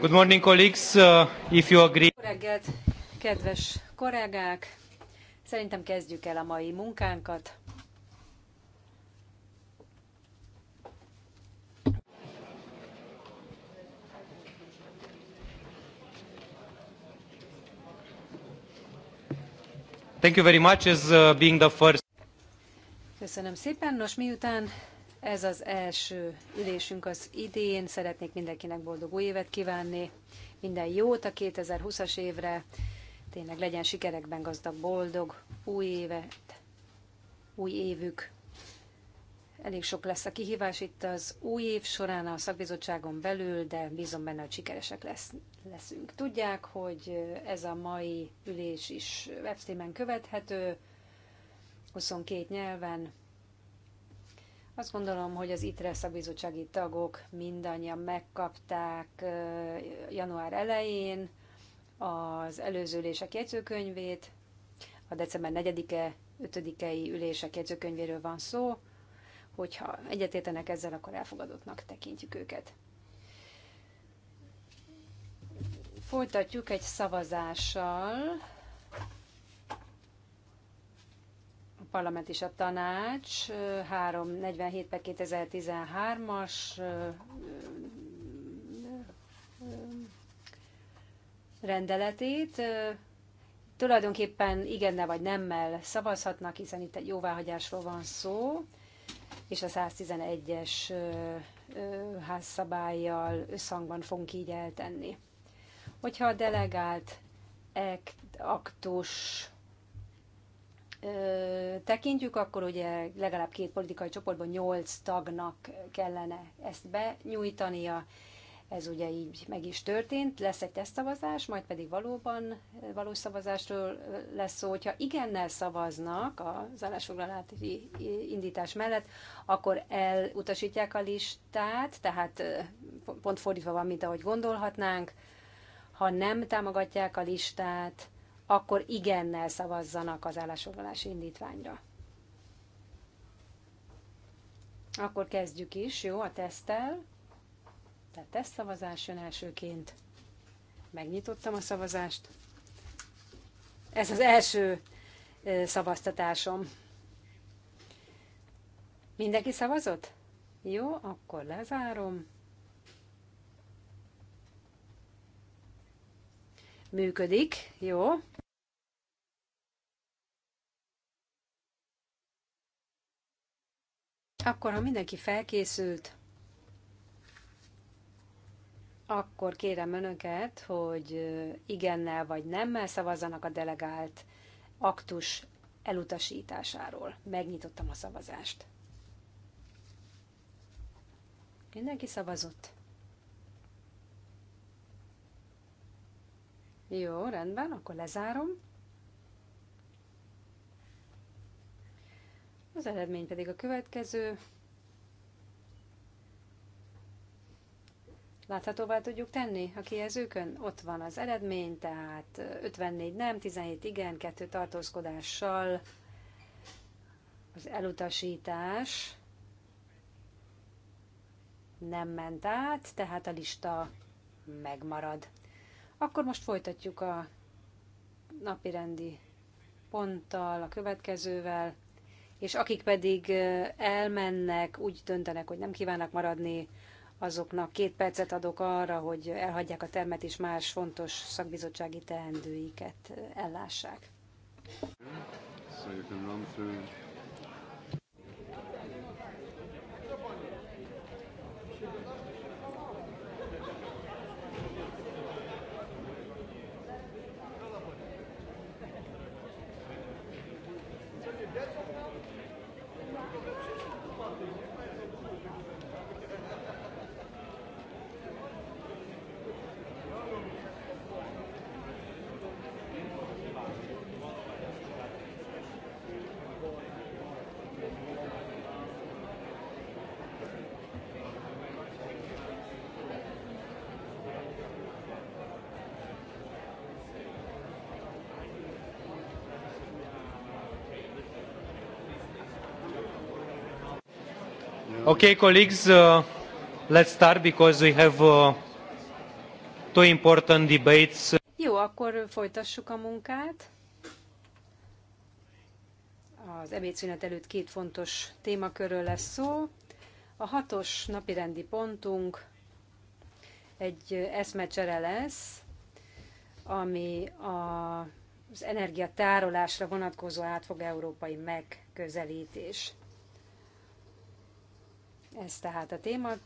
Good morning, colleagues. Uh, if you agree. Reggelt, kedves kollégák! Szerintem kezdjük el a mai munkánkat. Thank you very much as uh, being the first Köszönöm szépen. Nos, miután ez az első ülésünk az idén, szeretnék mindenkinek boldog új évet kívánni, minden jót a 2020-as évre, tényleg legyen sikerekben gazdag, boldog, új évet, új évük. Elég sok lesz a kihívás itt az új év során a szakbizottságon belül, de bízom benne, hogy sikeresek lesz, leszünk. Tudják, hogy ez a mai ülés is webstreamen követhető, 22 nyelven, azt gondolom, hogy az ITRE szakbizottsági tagok mindannyian megkapták január elején az előző ülések jegyzőkönyvét, a december 4-e, 5-ei ülések jegyzőkönyvéről van szó, hogyha egyetértenek ezzel, akkor elfogadottnak tekintjük őket. Folytatjuk egy szavazással parlament és a tanács 347 per 2013-as rendeletét tulajdonképpen igenne vagy nemmel szavazhatnak, hiszen itt egy jóváhagyásról van szó, és a 111-es házszabályjal összhangban fogunk így eltenni. Hogyha a delegált aktus tekintjük, akkor ugye legalább két politikai csoportban nyolc tagnak kellene ezt benyújtania. Ez ugye így meg is történt, lesz egy tesztszavazás, majd pedig valóban valós szavazásról lesz szó. Hogyha igennel szavaznak az állásfoglalási indítás mellett, akkor elutasítják a listát, tehát pont fordítva van, mint ahogy gondolhatnánk. Ha nem támogatják a listát, akkor igennel szavazzanak az állásfoglalási indítványra. Akkor kezdjük is, jó, a tesztel. Tehát szavazás jön elsőként. Megnyitottam a szavazást. Ez az első szavaztatásom. Mindenki szavazott? Jó, akkor lezárom. Működik, jó. Akkor, ha mindenki felkészült, akkor kérem önöket, hogy igennel vagy nemmel szavazzanak a delegált aktus elutasításáról. Megnyitottam a szavazást. Mindenki szavazott? Jó, rendben, akkor lezárom. Az eredmény pedig a következő. Láthatóvá tudjuk tenni a kijelzőkön? Ott van az eredmény, tehát 54 nem, 17 igen, 2 tartózkodással az elutasítás nem ment át, tehát a lista megmarad. Akkor most folytatjuk a napirendi ponttal, a következővel és akik pedig elmennek, úgy döntenek, hogy nem kívánnak maradni, azoknak két percet adok arra, hogy elhagyják a termet, és más fontos szakbizottsági teendőiket ellássák. So you can run through Okay, colleagues, uh, let's start because we have uh, two important debates. Jó, akkor folytassuk a munkát. Az ebédszünet előtt két fontos témakörről lesz szó. A hatos napirendi pontunk egy eszmecsere lesz, ami a, az energiatárolásra vonatkozó átfog európai megközelítés. Ez tehát a témakör.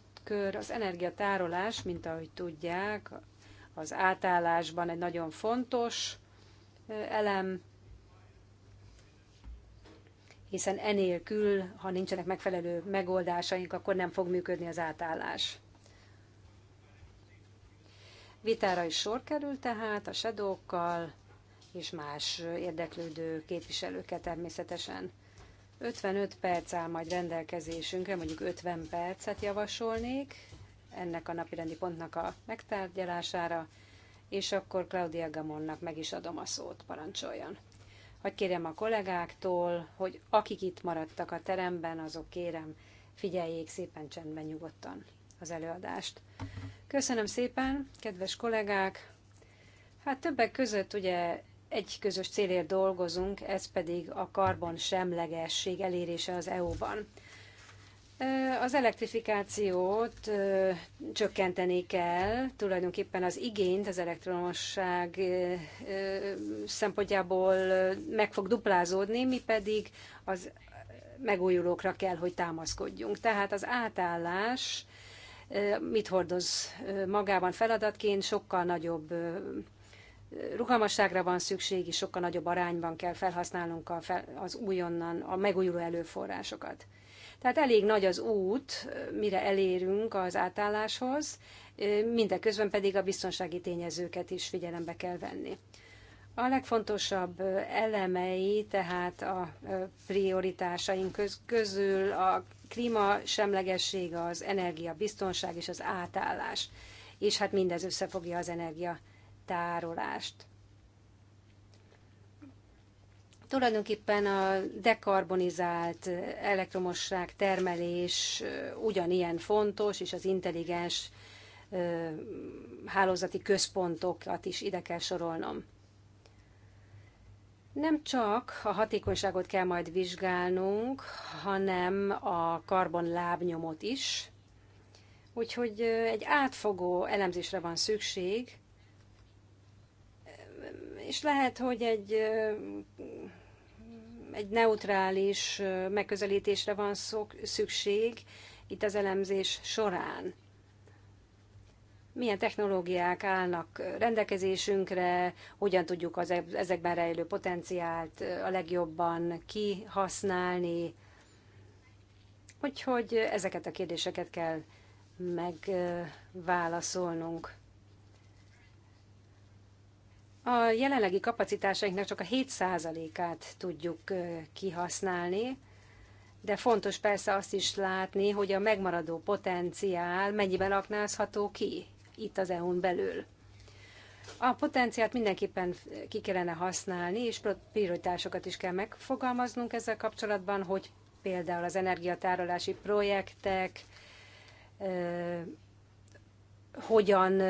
Az energiatárolás, mint ahogy tudják, az átállásban egy nagyon fontos elem, hiszen enélkül, ha nincsenek megfelelő megoldásaink, akkor nem fog működni az átállás. Vitára is sor kerül tehát a sedókkal és más érdeklődő képviselőkkel természetesen. 55 perc áll majd rendelkezésünkre, mondjuk 50 percet javasolnék ennek a napirendi pontnak a megtárgyalására, és akkor Claudia Gamonnak meg is adom a szót, parancsoljon. Hogy kérem a kollégáktól, hogy akik itt maradtak a teremben, azok kérem, figyeljék szépen csendben nyugodtan az előadást. Köszönöm szépen, kedves kollégák! Hát többek között ugye egy közös célért dolgozunk, ez pedig a karbon semlegesség elérése az EU-ban. Az elektrifikációt csökkenteni kell, tulajdonképpen az igényt az elektromosság szempontjából meg fog duplázódni, mi pedig az megújulókra kell, hogy támaszkodjunk. Tehát az átállás mit hordoz magában feladatként, sokkal nagyobb rugalmasságra van szükség, és sokkal nagyobb arányban kell felhasználnunk a, fel, az újonnan, a megújuló előforrásokat. Tehát elég nagy az út, mire elérünk az átálláshoz, mindeközben pedig a biztonsági tényezőket is figyelembe kell venni. A legfontosabb elemei, tehát a prioritásaink közül a klímasemlegesség, az energiabiztonság és az átállás. És hát mindez összefogja az energia tárolást. Tulajdonképpen a dekarbonizált elektromosság termelés ugyanilyen fontos, és az intelligens hálózati központokat is ide kell sorolnom. Nem csak a hatékonyságot kell majd vizsgálnunk, hanem a karbon lábnyomot is. Úgyhogy egy átfogó elemzésre van szükség, és lehet, hogy egy, egy neutrális megközelítésre van szükség itt az elemzés során. Milyen technológiák állnak rendelkezésünkre, hogyan tudjuk az e-, ezekben rejlő potenciált a legjobban kihasználni. Úgyhogy ezeket a kérdéseket kell megválaszolnunk. A jelenlegi kapacitásainknak csak a 7%-át tudjuk kihasználni, de fontos persze azt is látni, hogy a megmaradó potenciál mennyiben aknázható ki itt az EU-n belül. A potenciált mindenképpen ki kellene használni, és prioritásokat is kell megfogalmaznunk ezzel kapcsolatban, hogy például az energiatárolási projektek hogyan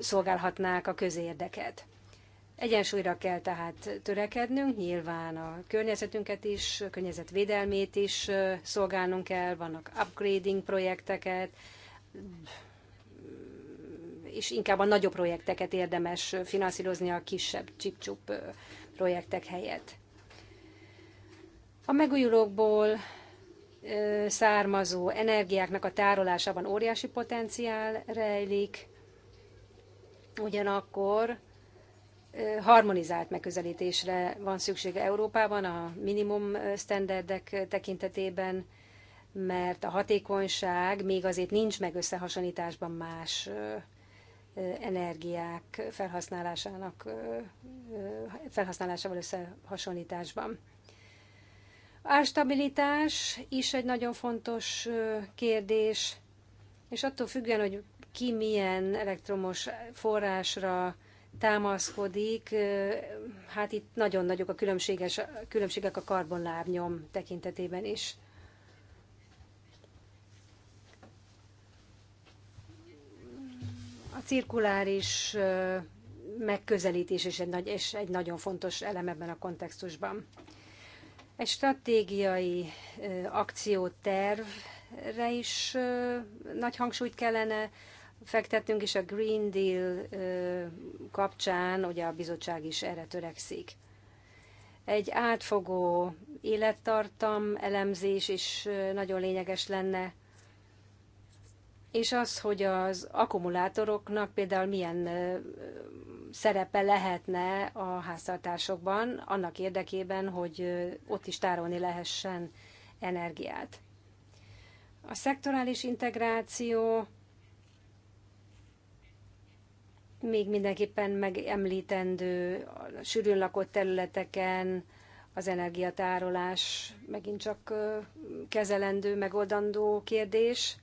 szolgálhatnák a közérdeket. Egyensúlyra kell tehát törekednünk, nyilván a környezetünket is, a környezetvédelmét is szolgálnunk kell, vannak upgrading projekteket, és inkább a nagyobb projekteket érdemes finanszírozni a kisebb csipcsup projektek helyett. A megújulókból származó energiáknak a tárolásában óriási potenciál rejlik, ugyanakkor harmonizált megközelítésre van szüksége Európában a minimum standardek tekintetében, mert a hatékonyság még azért nincs meg összehasonlításban más energiák felhasználásának, felhasználásával összehasonlításban. Árstabilitás is egy nagyon fontos kérdés, és attól függően, hogy ki milyen elektromos forrásra támaszkodik. Hát itt nagyon nagyok a különbséges, különbségek a karbonlábnyom tekintetében is. A cirkuláris megközelítés is egy, nagy, és egy nagyon fontos elem ebben a kontextusban. Egy stratégiai akciótervre is nagy hangsúlyt kellene fektettünk, és a Green Deal kapcsán ugye a bizottság is erre törekszik. Egy átfogó élettartam elemzés is nagyon lényeges lenne, és az, hogy az akkumulátoroknak például milyen szerepe lehetne a háztartásokban, annak érdekében, hogy ott is tárolni lehessen energiát. A szektorális integráció még mindenképpen megemlítendő a sűrűn lakott területeken az energiatárolás megint csak kezelendő, megoldandó kérdés.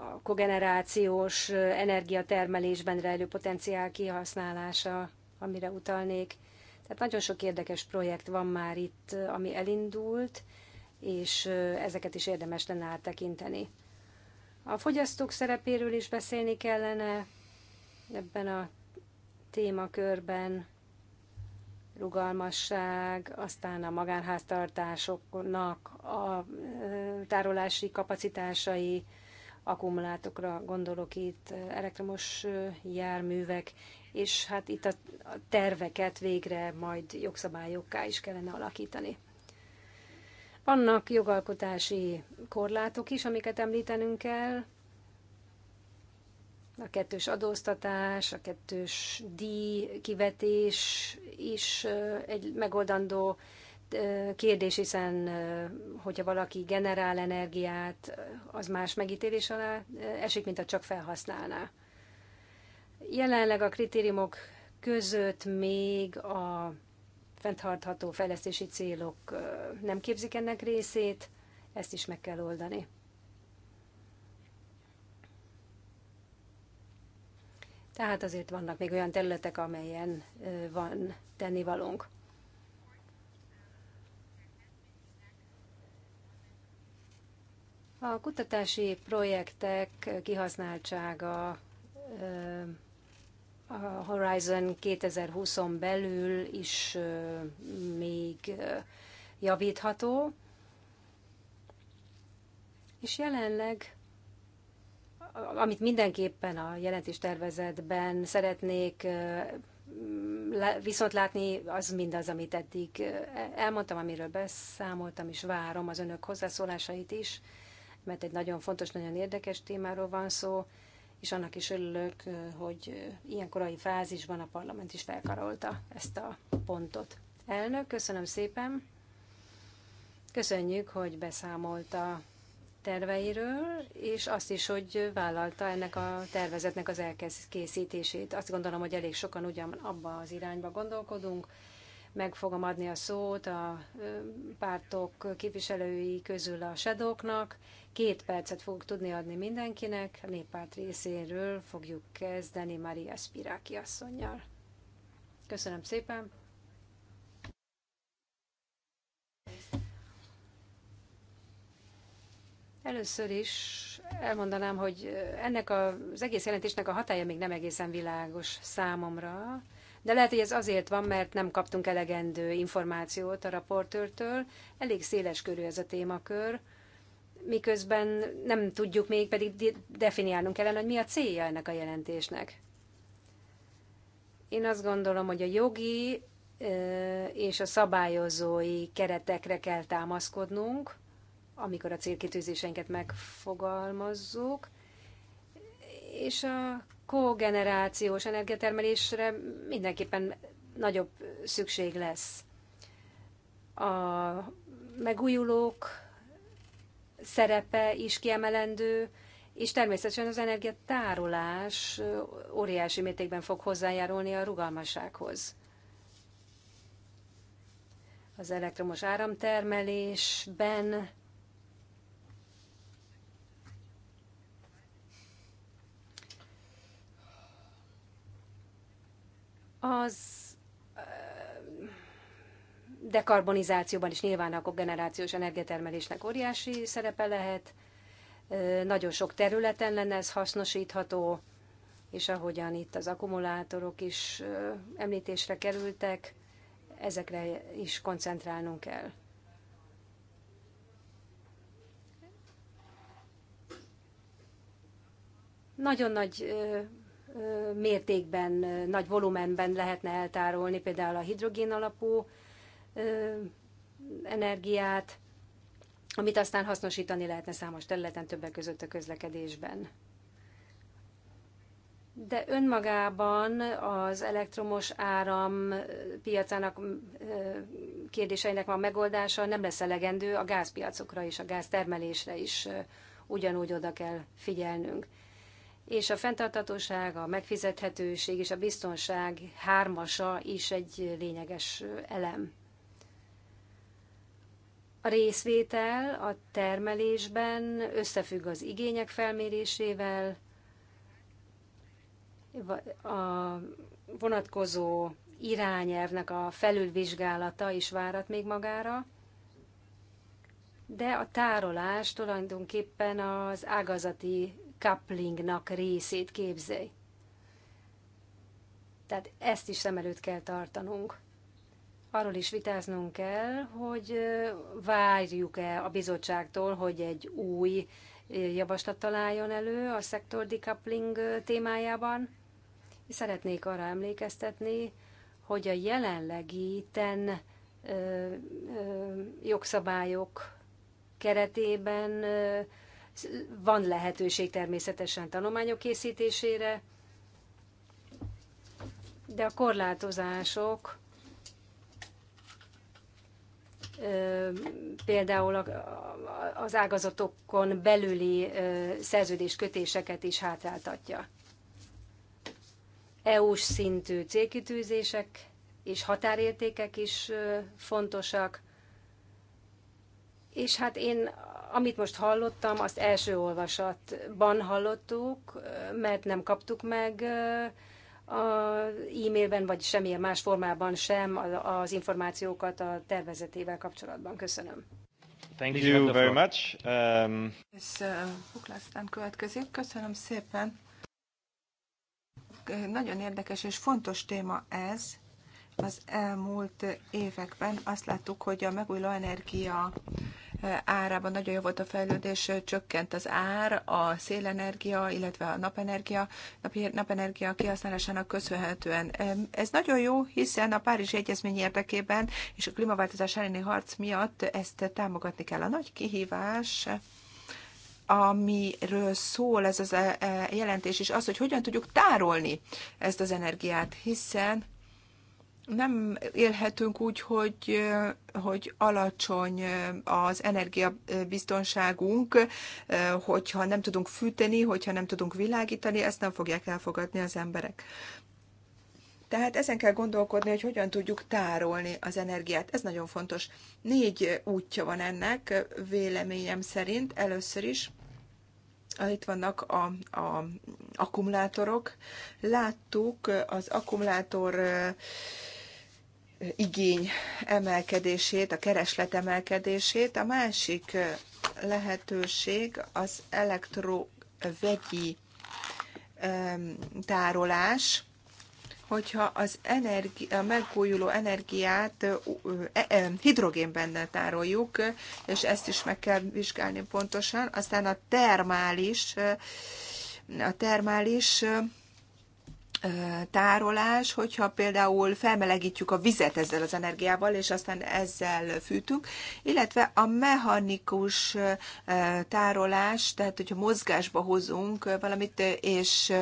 A kogenerációs energiatermelésben rejlő potenciál kihasználása, amire utalnék. Tehát nagyon sok érdekes projekt van már itt, ami elindult, és ezeket is érdemes lenne áttekinteni. A fogyasztók szerepéről is beszélni kellene ebben a témakörben, rugalmasság, aztán a magánháztartásoknak a tárolási kapacitásai, akkumulátokra gondolok itt, elektromos járművek, és hát itt a terveket végre majd jogszabályokká is kellene alakítani. Vannak jogalkotási korlátok is, amiket említenünk kell. A kettős adóztatás, a kettős díj kivetés is egy megoldandó kérdés, hiszen hogyha valaki generál energiát, az más megítélés alá esik, mint a csak felhasználná. Jelenleg a kritériumok között még a fenntartható fejlesztési célok nem képzik ennek részét, ezt is meg kell oldani. Tehát azért vannak még olyan területek, amelyen van tennivalónk. A kutatási projektek kihasználtsága a Horizon 2020-on belül is még javítható, és jelenleg amit mindenképpen a jelentéstervezetben szeretnék viszont látni, az mindaz, amit eddig elmondtam, amiről beszámoltam, és várom az önök hozzászólásait is, mert egy nagyon fontos, nagyon érdekes témáról van szó és annak is örülök, hogy ilyen korai fázisban a parlament is felkarolta ezt a pontot. Elnök, köszönöm szépen. Köszönjük, hogy beszámolt a terveiről, és azt is, hogy vállalta ennek a tervezetnek az elkészítését. Azt gondolom, hogy elég sokan ugyan abba az irányba gondolkodunk, meg fogom adni a szót a pártok képviselői közül a sedoknak. Két percet fogok tudni adni mindenkinek. A néppárt részéről fogjuk kezdeni Maria Spiráki asszonynal. Köszönöm szépen! Először is elmondanám, hogy ennek az egész jelentésnek a hatája még nem egészen világos számomra de lehet, hogy ez azért van, mert nem kaptunk elegendő információt a raportőrtől. Elég széles körű ez a témakör, miközben nem tudjuk még, pedig definiálnunk kellene, hogy mi a célja ennek a jelentésnek. Én azt gondolom, hogy a jogi és a szabályozói keretekre kell támaszkodnunk, amikor a célkitűzéseinket megfogalmazzuk, és a kogenerációs energiatermelésre mindenképpen nagyobb szükség lesz. A megújulók szerepe is kiemelendő, és természetesen az energiatárolás óriási mértékben fog hozzájárulni a rugalmassághoz. Az elektromos áramtermelésben Az dekarbonizációban is nyilván a generációs energiatermelésnek óriási szerepe lehet. Nagyon sok területen lenne ez hasznosítható, és ahogyan itt az akkumulátorok is említésre kerültek, ezekre is koncentrálnunk kell. Nagyon nagy mértékben, nagy volumenben lehetne eltárolni például a hidrogén alapú energiát, amit aztán hasznosítani lehetne számos területen, többek között a közlekedésben. De önmagában az elektromos áram piacának kérdéseinek van megoldása nem lesz elegendő, a gázpiacokra és a gáztermelésre is ugyanúgy oda kell figyelnünk és a fenntartatóság, a megfizethetőség és a biztonság hármasa is egy lényeges elem. A részvétel a termelésben összefügg az igények felmérésével, a vonatkozó irányelvnek a felülvizsgálata is várat még magára, de a tárolás tulajdonképpen az ágazati couplingnak részét képzelj. Tehát ezt is szem előtt kell tartanunk. Arról is vitáznunk kell, hogy várjuk-e a bizottságtól, hogy egy új javaslat találjon elő a szektor decoupling témájában. Szeretnék arra emlékeztetni, hogy a jelenlegi ten jogszabályok keretében van lehetőség természetesen tanulmányok készítésére, de a korlátozások például az ágazatokon belüli szerződéskötéseket is hátráltatja. EU-s szintű célkitűzések és határértékek is fontosak, és hát én amit most hallottam, azt első olvasatban hallottuk, mert nem kaptuk meg e-mailben, vagy semmilyen más formában sem az információkat a tervezetével kapcsolatban. Köszönöm. Thank you very much. Um... És Buklasztán következik. Köszönöm szépen. Nagyon érdekes és fontos téma ez. Az elmúlt években azt láttuk, hogy a megújuló energia árában nagyon jó volt a fejlődés, csökkent az ár a szélenergia, illetve a napenergia, napi, napenergia kihasználásának köszönhetően. Ez nagyon jó, hiszen a Párizsi Egyezmény érdekében és a klímaváltozás elleni harc miatt ezt támogatni kell. A nagy kihívás amiről szól ez az e, e, jelentés, és az, hogy hogyan tudjuk tárolni ezt az energiát, hiszen nem élhetünk úgy, hogy, hogy alacsony az energiabiztonságunk, hogyha nem tudunk fűteni, hogyha nem tudunk világítani, ezt nem fogják elfogadni az emberek. Tehát ezen kell gondolkodni, hogy hogyan tudjuk tárolni az energiát. Ez nagyon fontos. Négy útja van ennek, véleményem szerint. Először is ah, itt vannak a, a akkumulátorok. Láttuk az akkumulátor igény emelkedését, a kereslet emelkedését. A másik lehetőség az elektrovegyi tárolás, hogyha az energi, a megújuló energiát e, e, hidrogénben tároljuk, és ezt is meg kell vizsgálni pontosan, aztán a termális, a termális tárolás, hogyha például felmelegítjük a vizet ezzel az energiával, és aztán ezzel fűtünk, illetve a mechanikus tárolás, tehát hogyha mozgásba hozunk valamit, és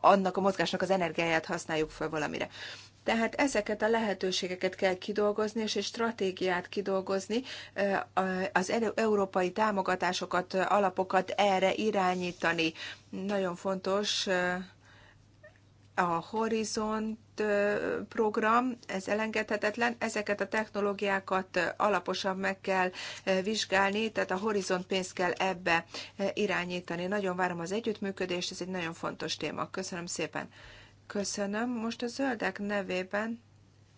annak a mozgásnak az energiáját használjuk fel valamire. Tehát ezeket a lehetőségeket kell kidolgozni, és egy stratégiát kidolgozni, az e-, európai támogatásokat, alapokat erre irányítani. Nagyon fontos a Horizont program, ez elengedhetetlen, ezeket a technológiákat alaposan meg kell vizsgálni, tehát a Horizont pénzt kell ebbe irányítani. Nagyon várom az együttműködést, ez egy nagyon fontos téma. Köszönöm szépen. Köszönöm. Most a zöldek nevében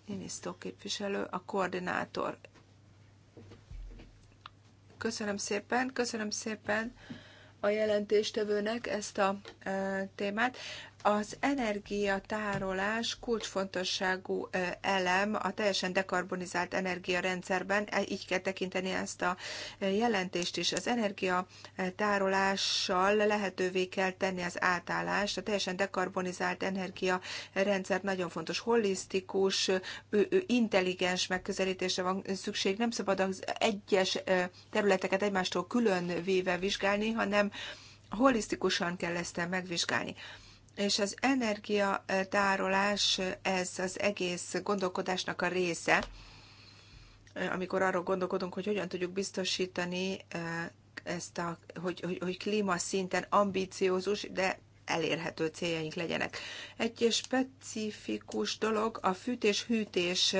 minisztó képviselő, a koordinátor. Köszönöm szépen, köszönöm szépen a jelentéstevőnek ezt a témát. Az energiatárolás kulcsfontosságú elem a teljesen dekarbonizált energiarendszerben, e, így kell tekinteni ezt a jelentést is. Az energiatárolással lehetővé kell tenni az átállást. A teljesen dekarbonizált energiarendszer nagyon fontos, holisztikus, intelligens megközelítésre van szükség. Nem szabad az egyes területeket egymástól külön véve vizsgálni, hanem holisztikusan kell ezt megvizsgálni és az energiatárolás ez az egész gondolkodásnak a része, amikor arról gondolkodunk, hogy hogyan tudjuk biztosítani ezt a, hogy, hogy, hogy klímaszinten ambíciózus, de elérhető céljaink legyenek. Egy specifikus dolog a fűtés-hűtés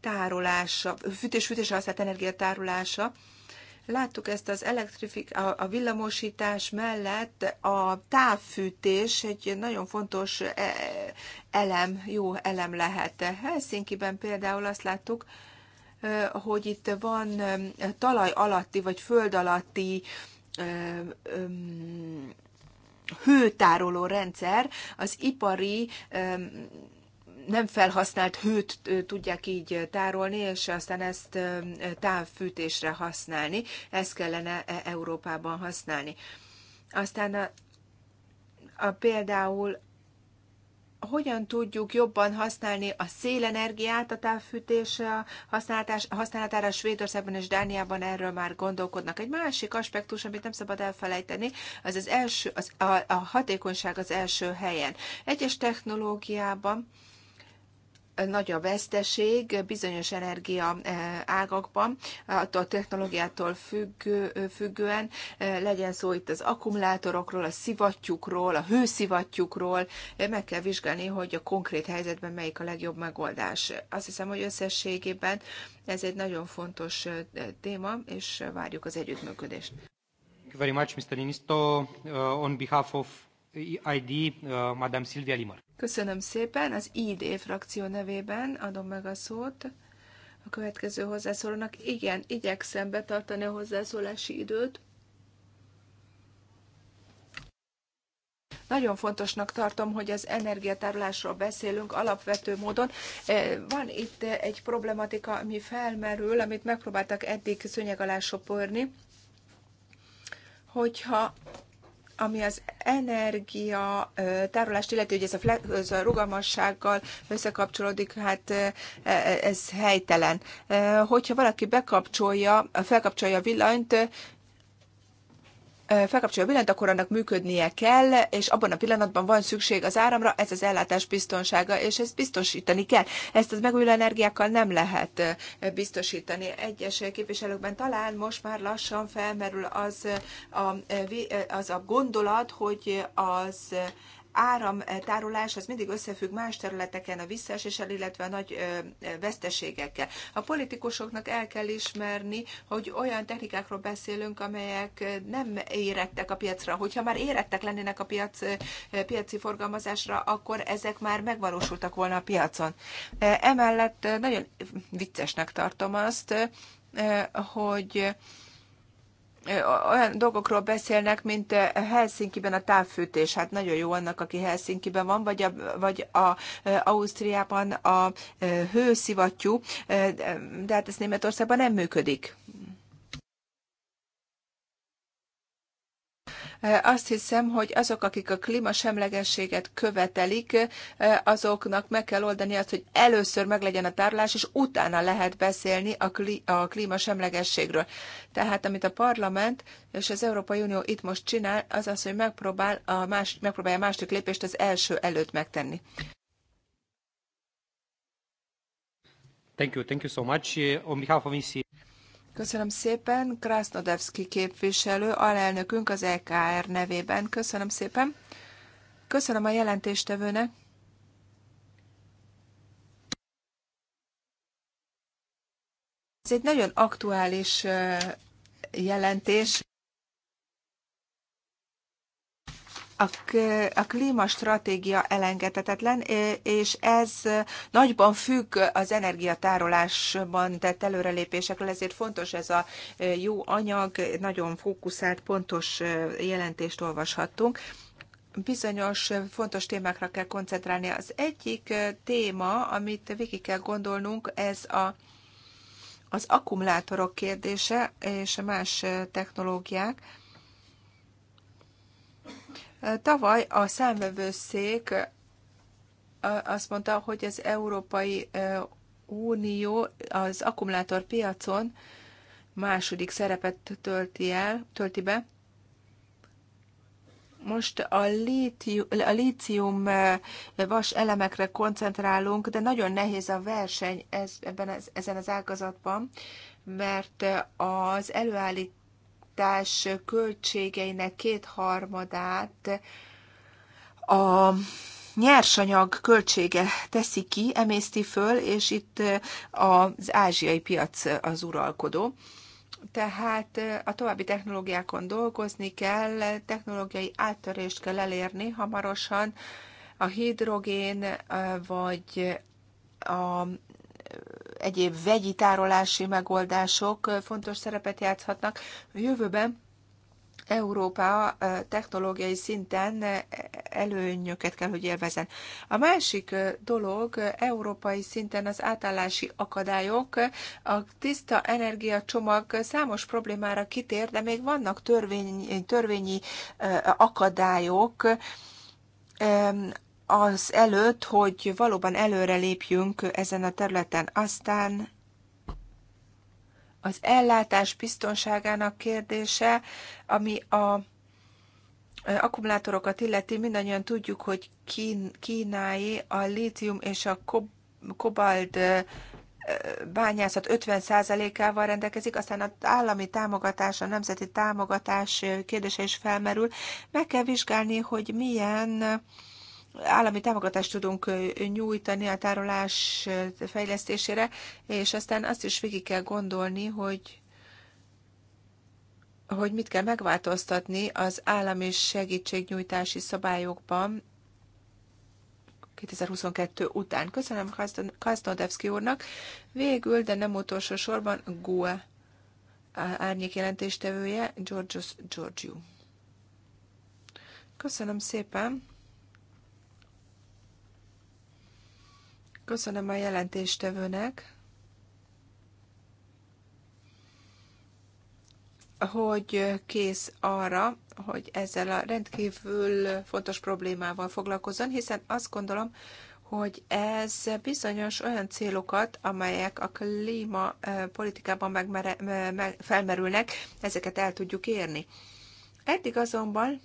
tárolása, fűtés hűtés használt energia tárolása, Láttuk ezt az elektrifik, a, a villamosítás mellett a távfűtés egy nagyon fontos e, elem, jó elem lehet. Helsinki-ben például azt láttuk, hogy itt van talaj alatti vagy föld alatti hőtároló rendszer az ipari nem felhasznált hőt tudják így tárolni, és aztán ezt távfűtésre használni. Ezt kellene e, Európában használni. Aztán a, a például hogyan tudjuk jobban használni a szélenergiát a távfűtés használatára Svédországban és Dániában erről már gondolkodnak. Egy másik aspektus, amit nem szabad elfelejteni, az az első, az, a, a hatékonyság az első helyen. Egyes technológiában nagy a veszteség bizonyos energia eh, ágakban, attól technológiától függ, függően, eh, legyen szó itt az akkumulátorokról, a szivattyúkról, a hőszivattyúkról, eh, meg kell vizsgálni, hogy a konkrét helyzetben melyik a legjobb megoldás. Azt hiszem, hogy összességében ez egy nagyon fontos téma, és várjuk az együttműködést. Thank you very much, Mr. Inisto. Uh, on behalf of e ID, uh, Madame Silvia Limar. Köszönöm szépen. Az ID frakció nevében adom meg a szót a következő hozzászólónak. Igen, igyekszem betartani a hozzászólási időt. Nagyon fontosnak tartom, hogy az energiatárolásról beszélünk alapvető módon. E, van itt egy problematika, ami felmerül, amit megpróbáltak eddig szönyeg alá sopörni, hogyha ami az energia tárolást illeti, hogy ez a, flex, ez a rugalmassággal összekapcsolódik, hát e, ez helytelen. Hogyha valaki bekapcsolja, felkapcsolja a villanyt, felkapcsolja a villanyt, akkor annak működnie kell, és abban a pillanatban van szükség az áramra, ez az ellátás biztonsága, és ezt biztosítani kell. Ezt az megújuló energiákkal nem lehet biztosítani. Egyes képviselőkben talán most már lassan felmerül az a, az a gondolat, hogy az áramtárolás az mindig összefügg más területeken a visszaeséssel, illetve a nagy veszteségekkel. A politikusoknak el kell ismerni, hogy olyan technikákról beszélünk, amelyek nem érettek a piacra. Hogyha már érettek lennének a piac, piaci forgalmazásra, akkor ezek már megvalósultak volna a piacon. Emellett nagyon viccesnek tartom azt, hogy olyan dolgokról beszélnek, mint Helsinki-ben a távfűtés. Hát nagyon jó annak, aki Helsinki-ben van, vagy, a, vagy a, Ausztriában a hőszivattyú, de hát ez Németországban nem működik. Eh, azt hiszem, hogy azok, akik a klímasemlegességet követelik, eh, azoknak meg kell oldani azt, hogy először meglegyen a tárolás, és utána lehet beszélni a, klí- klímasemlegességről. Tehát amit a parlament és az Európai Unió itt most csinál, az az, hogy megpróbál a más, megpróbálja a második lépést az első előtt megtenni. Thank you, thank you so much. Eh, on behalf of e Köszönöm szépen, Krasnodevski képviselő, alelnökünk az EKR nevében. Köszönöm szépen. Köszönöm a jelentéstevőnek. Ez egy nagyon aktuális jelentés. a, a klímastratégia elengedhetetlen, és ez nagyban függ az energiatárolásban tett előrelépésekről, ezért fontos ez a e, jó anyag, nagyon fókuszált, pontos e, jelentést olvashattunk. Bizonyos fontos témákra kell koncentrálni. Az egyik e, téma, amit végig kell gondolnunk, ez a az akkumulátorok kérdése és más technológiák. Tavaly a számvevőszék azt mondta, hogy az Európai Unió az akkumulátorpiacon második szerepet tölti el, tölti be. Most a, lítium, a lícium vas elemekre koncentrálunk, de nagyon nehéz a verseny ez, ebben, ezen az ágazatban, mert az előállít kialakítás költségeinek kétharmadát a nyersanyag költsége teszi ki, emészti föl, és itt az ázsiai piac az uralkodó. Tehát a további technológiákon dolgozni kell, technológiai áttörést kell elérni hamarosan, a hidrogén vagy a egyéb vegyi tárolási megoldások fontos szerepet játszhatnak. A jövőben Európa technológiai szinten előnyöket kell, hogy élvezen. A másik dolog európai szinten az átállási akadályok. A tiszta energiacsomag számos problémára kitér, de még vannak törvény, törvényi akadályok, az előtt, hogy valóban előre lépjünk ezen a területen. Aztán az ellátás biztonságának kérdése, ami a akkumulátorokat illeti, mindannyian tudjuk, hogy Kín, Kínái a lítium és a kobalt bányászat 50%-ával rendelkezik, aztán az állami támogatás, a nemzeti támogatás kérdése is felmerül. Meg kell vizsgálni, hogy milyen állami támogatást tudunk nyújtani a tárolás fejlesztésére, és aztán azt is végig kell gondolni, hogy hogy mit kell megváltoztatni az állami segítségnyújtási szabályokban 2022 után. Köszönöm Kazdodevszki úrnak. Végül, de nem utolsó sorban, GUE árnyék jelentéstevője, Georgios Georgiou. Köszönöm szépen. Köszönöm a jelentéstevőnek, hogy kész arra, hogy ezzel a rendkívül fontos problémával foglalkozzon, hiszen azt gondolom, hogy ez bizonyos olyan célokat, amelyek a klíma eh, politikában felmerülnek, ezeket el tudjuk érni. Eddig azonban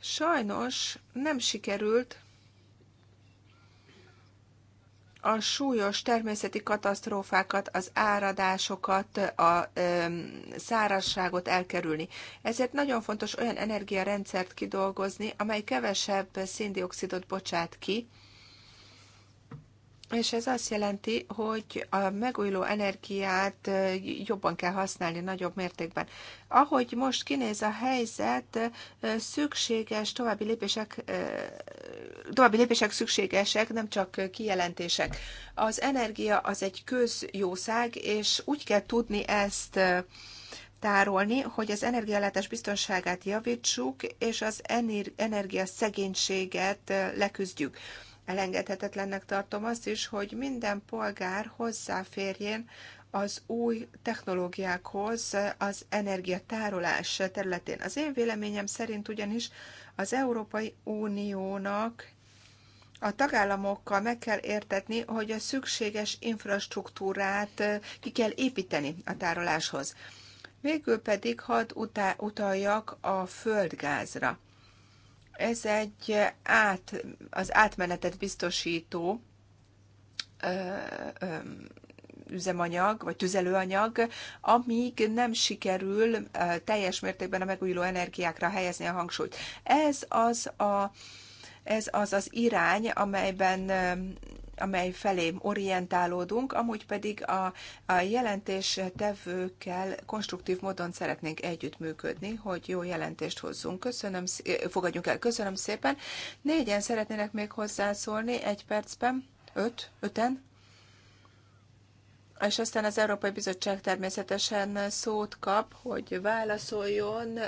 sajnos nem sikerült a súlyos természeti katasztrófákat, az áradásokat, a szárazságot elkerülni. Ezért nagyon fontos olyan energiarendszert kidolgozni, amely kevesebb széndiokszidot bocsát ki, és ez azt jelenti, hogy a megújuló energiát jobban kell használni nagyobb mértékben. Ahogy most kinéz a helyzet, szükséges további lépések, további lépések szükségesek, nem csak kijelentések. Az energia az egy közjószág, és úgy kell tudni ezt tárolni, hogy az energiállátás biztonságát javítsuk, és az energiaszegénységet leküzdjük. Elengedhetetlennek tartom azt is, hogy minden polgár hozzáférjen az új technológiákhoz az energiatárolás területén. Az én véleményem szerint ugyanis az Európai Uniónak a tagállamokkal meg kell értetni, hogy a szükséges infrastruktúrát ki kell építeni a tároláshoz. Végül pedig hadd utaljak a földgázra. Ez egy át, az átmenetet biztosító üzemanyag, vagy tüzelőanyag, amíg nem sikerül teljes mértékben a megújuló energiákra helyezni a hangsúlyt. Ez az a ez az az irány, amelyben amely felé orientálódunk, amúgy pedig a, a tevőkkel konstruktív módon szeretnénk együttműködni, hogy jó jelentést hozzunk. Köszönöm, eh, fogadjunk el. Köszönöm szépen. Négyen szeretnének még hozzászólni egy percben. Öt? Öten? És aztán az Európai Bizottság természetesen szót kap, hogy válaszoljon,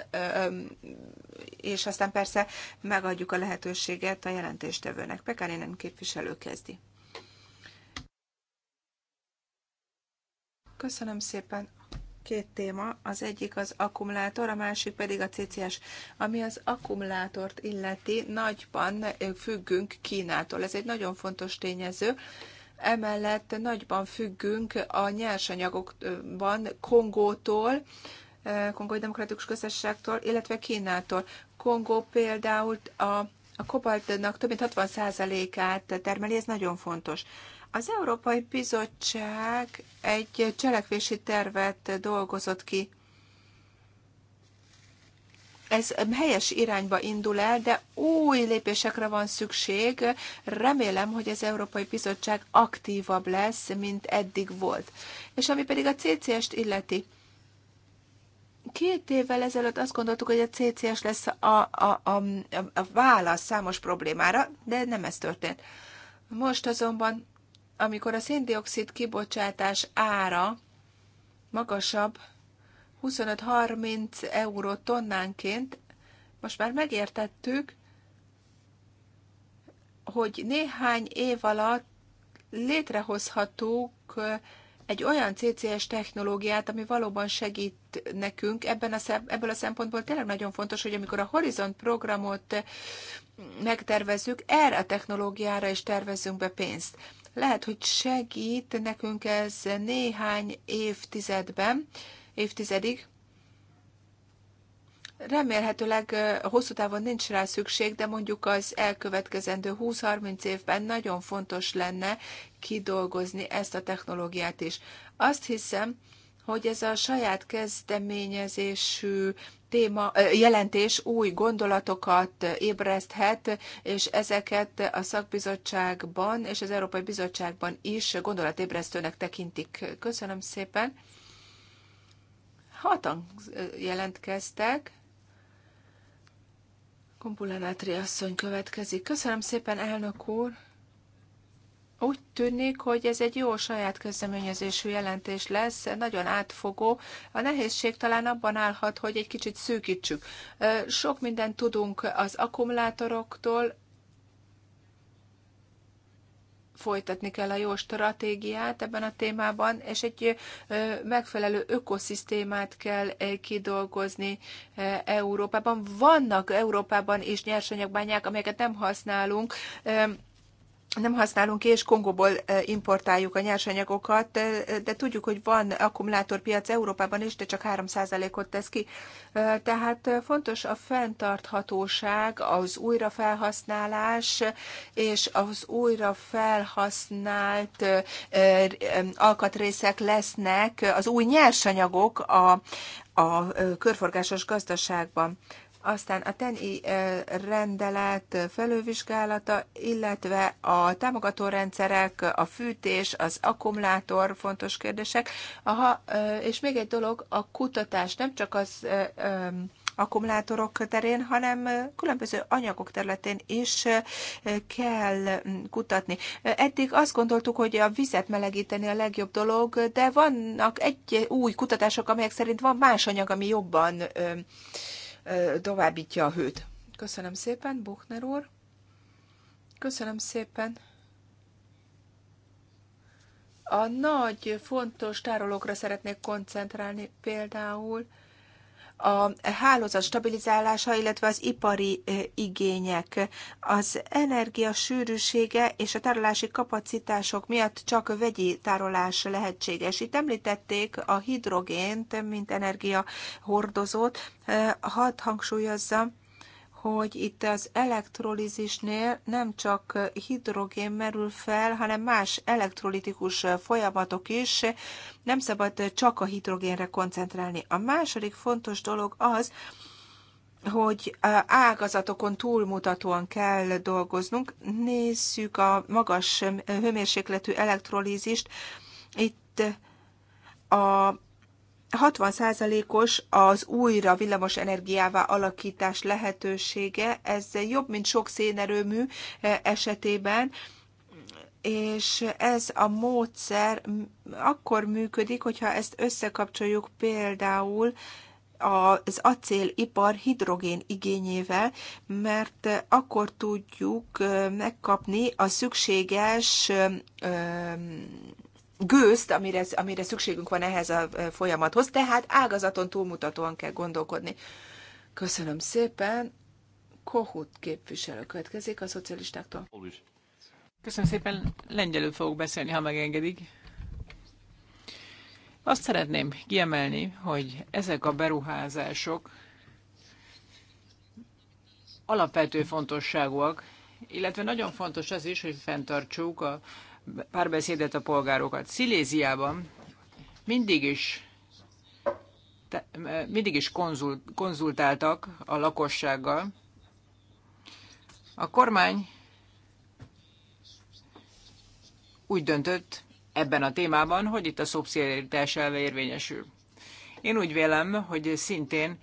és aztán persze megadjuk a lehetőséget a jelentéstevőnek. Pekarinen képviselő kezdi. Köszönöm szépen. Két téma, az egyik az akkumulátor, a másik pedig a CCS. Ami az akkumulátort illeti, nagyban függünk Kínától. Ez egy nagyon fontos tényező. Emellett nagyban függünk a nyersanyagokban Kongótól, Kongói Demokratikus Közösségtől, illetve Kínától. Kongó például a, a kobaltnak több mint 60%-át termeli, ez nagyon fontos. Az Európai Bizottság egy cselekvési tervet dolgozott ki. Ez helyes irányba indul el, de új lépésekre van szükség. Remélem, hogy az Európai Bizottság aktívabb lesz, mint eddig volt. És ami pedig a CCS-t illeti két évvel ezelőtt azt gondoltuk, hogy a CCS lesz a, a, a, a válasz számos problémára, de nem ez történt. Most azonban amikor a széndiokszid kibocsátás ára magasabb 25-30 euró tonnánként, most már megértettük, hogy néhány év alatt létrehozhatók eh, egy olyan CCS technológiát, ami valóban segít nekünk. Ebben a, ebből a szempontból tényleg nagyon fontos, hogy amikor a Horizont programot eh, megtervezzük, erre a technológiára is tervezzünk be pénzt. Lehet, hogy segít nekünk ez néhány évtizedben, évtizedig, Remélhetőleg hosszú távon nincs rá szükség, de mondjuk az elkövetkezendő 20-30 évben nagyon fontos lenne kidolgozni ezt a technológiát is. Azt hiszem, hogy ez a saját kezdeményezésű téma, jelentés új gondolatokat ébreszthet, és ezeket a szakbizottságban és az Európai Bizottságban is gondolatébresztőnek tekintik. Köszönöm szépen. Hatan jelentkeztek. Kompulánátri asszony következik. Köszönöm szépen, elnök úr. Úgy tűnik, hogy ez egy jó saját kezdeményezésű jelentés lesz, nagyon átfogó. A nehézség talán abban állhat, hogy egy kicsit szűkítsük. Sok mindent tudunk az akkumulátoroktól, folytatni kell a jó stratégiát ebben a témában, és egy megfelelő ökoszisztémát kell kidolgozni Európában. Vannak Európában is nyersanyagbányák, amelyeket nem használunk, nem használunk ki, és Kongóból eh, importáljuk a nyersanyagokat, eh, de tudjuk, hogy van akkumulátorpiac Európában is, de csak 3%-ot tesz ki. Eh, tehát fontos a fenntarthatóság, az újrafelhasználás és az újrafelhasznált alkatrészek lesznek az új nyersanyagok a, a körforgásos gazdaságban aztán a TENI rendelet felővizsgálata, illetve a támogató rendszerek, a fűtés, az akkumulátor fontos kérdések. Aha, és még egy dolog, a kutatás nem csak az akkumulátorok terén, hanem különböző anyagok területén is kell mm, kutatni. Eddig azt gondoltuk, hogy a vizet melegíteni a legjobb dolog, de vannak egy új kutatások, amelyek szerint van más anyag, ami jobban továbbítja a hőt. Köszönöm szépen, Buchner úr. Köszönöm szépen. A nagy, fontos tárolókra szeretnék koncentrálni, például a hálózat stabilizálása, illetve az ipari igények. Az energia sűrűsége és a tárolási kapacitások miatt csak vegyi tárolás lehetséges. Itt említették a hidrogént, mint energia hordozót. Hadd hangsúlyozzam, hogy itt az elektrolízisnél nem csak hidrogén merül fel, hanem más elektrolitikus folyamatok is. Nem szabad csak a hidrogénre koncentrálni. A második fontos dolog az, hogy ágazatokon túlmutatóan kell dolgoznunk. Nézzük a magas hőmérsékletű elektrolízist. Itt a 60%-os az újra villamos energiává alakítás lehetősége, ez jobb, mint sok szénerőmű eh, esetében, és ez a módszer akkor működik, hogyha ezt összekapcsoljuk például az acélipar hidrogén igényével, mert akkor tudjuk eh, megkapni a szükséges eh, gőzt, amire, amire szükségünk van ehhez a e, folyamathoz, tehát ágazaton túlmutatóan kell gondolkodni. Köszönöm szépen. Kohut képviselő következik a szocialistáktól. Köszönöm szépen, lengyelül fogok beszélni, ha megengedik. Azt szeretném kiemelni, hogy ezek a beruházások alapvető fontosságúak, illetve nagyon fontos az is, hogy fenntartsuk a párbeszédet a polgárokat. Sziléziában mindig is mindig is konzultáltak a lakossággal. A kormány úgy döntött ebben a témában, hogy itt a szubszidiaritás elve érvényesül. Én úgy vélem, hogy szintén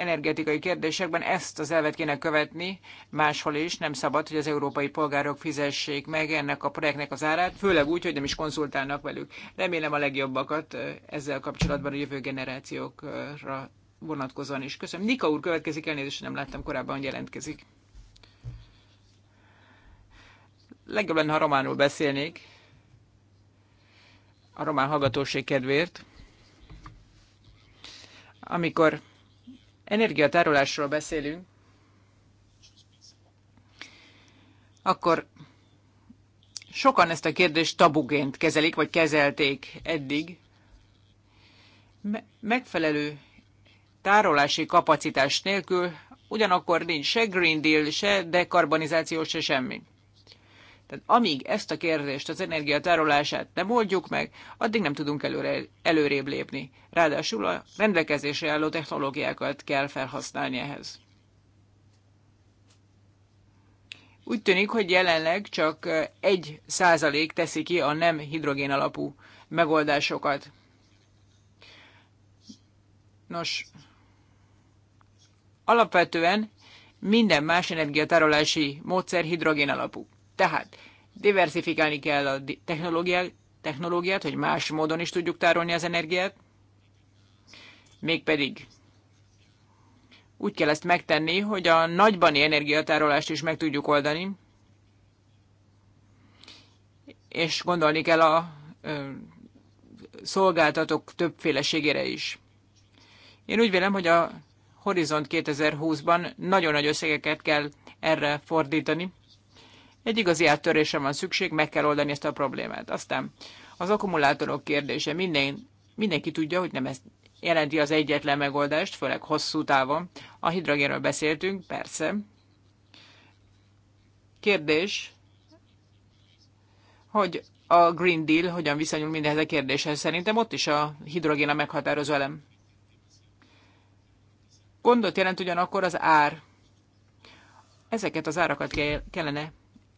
energetikai kérdésekben ezt az elvet kéne követni, máshol is nem szabad, hogy az európai polgárok fizessék meg ennek a projektnek az árát, főleg úgy, hogy nem is konzultálnak velük. Remélem a legjobbakat ezzel kapcsolatban a jövő generációkra vonatkozóan is. Köszönöm. Nika úr következik, elnézést, nem láttam korábban, hogy jelentkezik. Legjobb lenne, ha románul beszélnék. A román hallgatóség kedvéért. Amikor energiatárolásról beszélünk, akkor sokan ezt a kérdést tabugént kezelik, vagy kezelték eddig. Me- megfelelő tárolási kapacitás nélkül ugyanakkor nincs se Green Deal, se dekarbonizáció, se semmi. Tehát amíg ezt a kérdést, az energiatárolását nem oldjuk meg, addig nem tudunk előre, előrébb lépni. Ráadásul a rendelkezésre álló technológiákat kell felhasználni ehhez. Úgy tűnik, hogy jelenleg csak egy százalék teszi ki a nem hidrogén alapú megoldásokat. Nos, alapvetően minden más energiatárolási módszer hidrogén alapú. Tehát diversifikálni kell a technológiát, technológiát, hogy más módon is tudjuk tárolni az energiát, mégpedig úgy kell ezt megtenni, hogy a nagybani energiatárolást is meg tudjuk oldani, és gondolni kell a ö, szolgáltatók többféleségére is. Én úgy vélem, hogy a Horizont 2020-ban nagyon nagy összegeket kell erre fordítani, egy igazi áttörésre van szükség, meg kell oldani ezt a problémát. Aztán az akkumulátorok kérdése. Minden, mindenki tudja, hogy nem ez jelenti az egyetlen megoldást, főleg hosszú távon. A hidrogénről beszéltünk, persze. Kérdés, hogy a Green Deal hogyan viszonyul mindenhez? a kérdéshez. Szerintem ott is a hidrogén a meghatározó elem. Gondot jelent ugyanakkor az ár. Ezeket az árakat kellene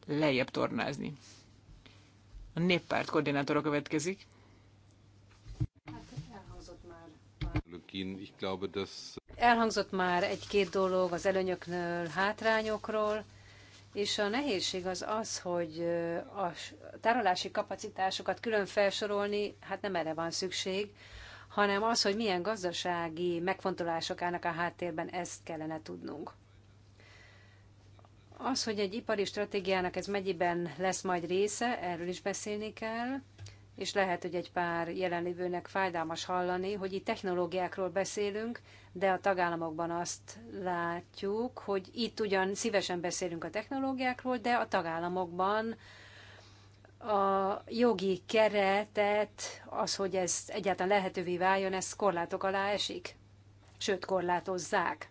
lejjebb tornázni. A néppárt koordinátora következik. Elhangzott már egy-két dolog az előnyöknől, hátrányokról, és a nehézség az az, hogy a tárolási kapacitásokat külön felsorolni, hát nem erre van szükség, hanem az, hogy milyen gazdasági megfontolások állnak a háttérben, ezt kellene tudnunk. Az, hogy egy ipari stratégiának ez mennyiben lesz majd része, erről is beszélni kell, és lehet, hogy egy pár jelenlévőnek fájdalmas hallani, hogy itt technológiákról beszélünk, de a tagállamokban azt látjuk, hogy itt ugyan szívesen beszélünk a technológiákról, de a tagállamokban a jogi keretet, az, hogy ez egyáltalán lehetővé váljon, ez korlátok alá esik, sőt korlátozzák.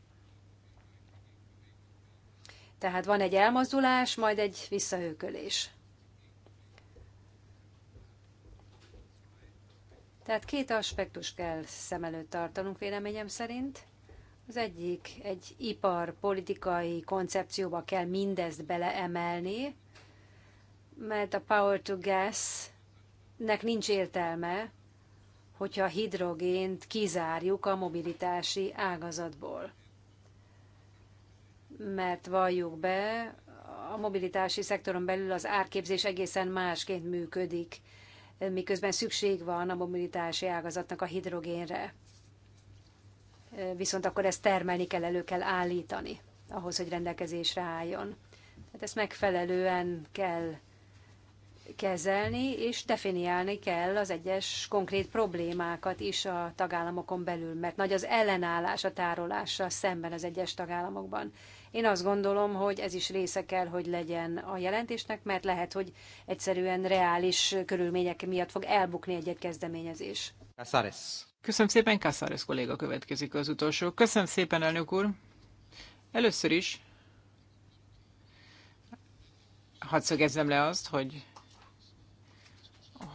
Tehát van egy elmozdulás, majd egy visszahőkölés. Tehát két aspektus kell szem előtt tartanunk véleményem szerint. Az egyik, egy iparpolitikai koncepcióba kell mindezt beleemelni, mert a power to gas-nek nincs értelme, hogyha a hidrogént kizárjuk a mobilitási ágazatból mert valljuk be, a mobilitási szektoron belül az árképzés egészen másként működik, miközben szükség van a mobilitási ágazatnak a hidrogénre. Viszont akkor ezt termelni kell, elő kell állítani, ahhoz, hogy rendelkezésre álljon. Tehát ezt megfelelően kell kezelni, és definiálni kell az egyes konkrét problémákat is a tagállamokon belül, mert nagy az ellenállás a tárolással szemben az egyes tagállamokban. Én azt gondolom, hogy ez is része kell, hogy legyen a jelentésnek, mert lehet, hogy egyszerűen reális körülmények miatt fog elbukni egy-egy kezdeményezés. Casares. Köszönöm szépen, Casares kolléga következik az utolsó. Köszönöm szépen, elnök úr. Először is hadd szögezzem le azt, hogy,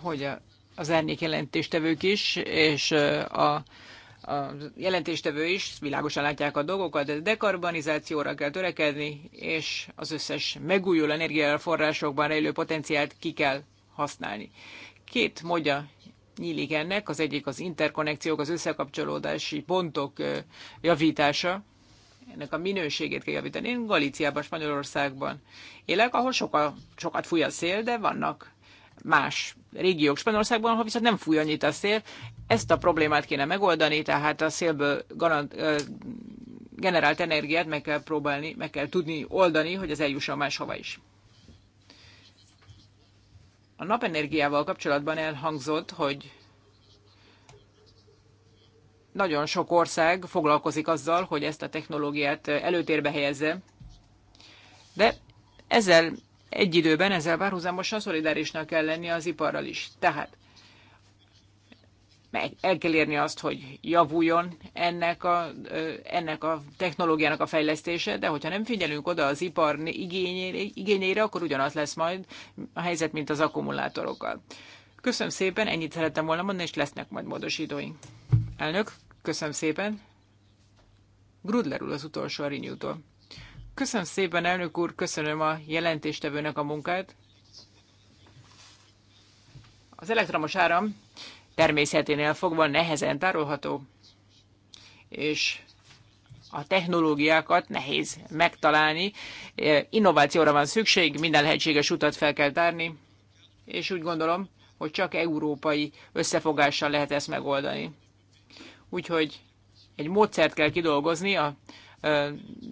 hogy a, az árnyék jelentéstevők is, és a a jelentéstevő is világosan látják a dolgokat, de dekarbonizációra kell törekedni, és az összes megújuló energiaforrásokban rejlő potenciált ki kell használni. Két módja nyílik ennek, az egyik az interkonnekciók, az összekapcsolódási pontok javítása, ennek a minőségét kell javítani. Én Galíciában, Spanyolországban élek, ahol soka, sokat fúj a szél, de vannak más régiók Spanyolországban, ha viszont nem fúj annyit a szél. Ezt a problémát kéne megoldani, tehát a szélből garant, generált energiát meg kell próbálni, meg kell tudni oldani, hogy az eljusson máshova is. A napenergiával kapcsolatban elhangzott, hogy nagyon sok ország foglalkozik azzal, hogy ezt a technológiát előtérbe helyezze, de ezzel egy időben ezzel párhuzamosan szolidárisnak kell lenni az iparral is. Tehát meg, el kell érni azt, hogy javuljon ennek a, ennek a technológiának a fejlesztése, de hogyha nem figyelünk oda az ipar igényére, igényére, akkor ugyanaz lesz majd a helyzet, mint az akkumulátorokkal. Köszönöm szépen, ennyit szerettem volna mondani, és lesznek majd módosítóink. Elnök, köszönöm szépen. Grudler úr az utolsó a Köszönöm szépen, elnök úr, köszönöm a jelentéstevőnek a munkát. Az elektromos áram természeténél fogva nehezen tárolható, és a technológiákat nehéz megtalálni. E, innovációra van szükség, minden lehetséges utat fel kell tárni, és úgy gondolom, hogy csak európai összefogással lehet ezt megoldani. Úgyhogy egy módszert kell kidolgozni a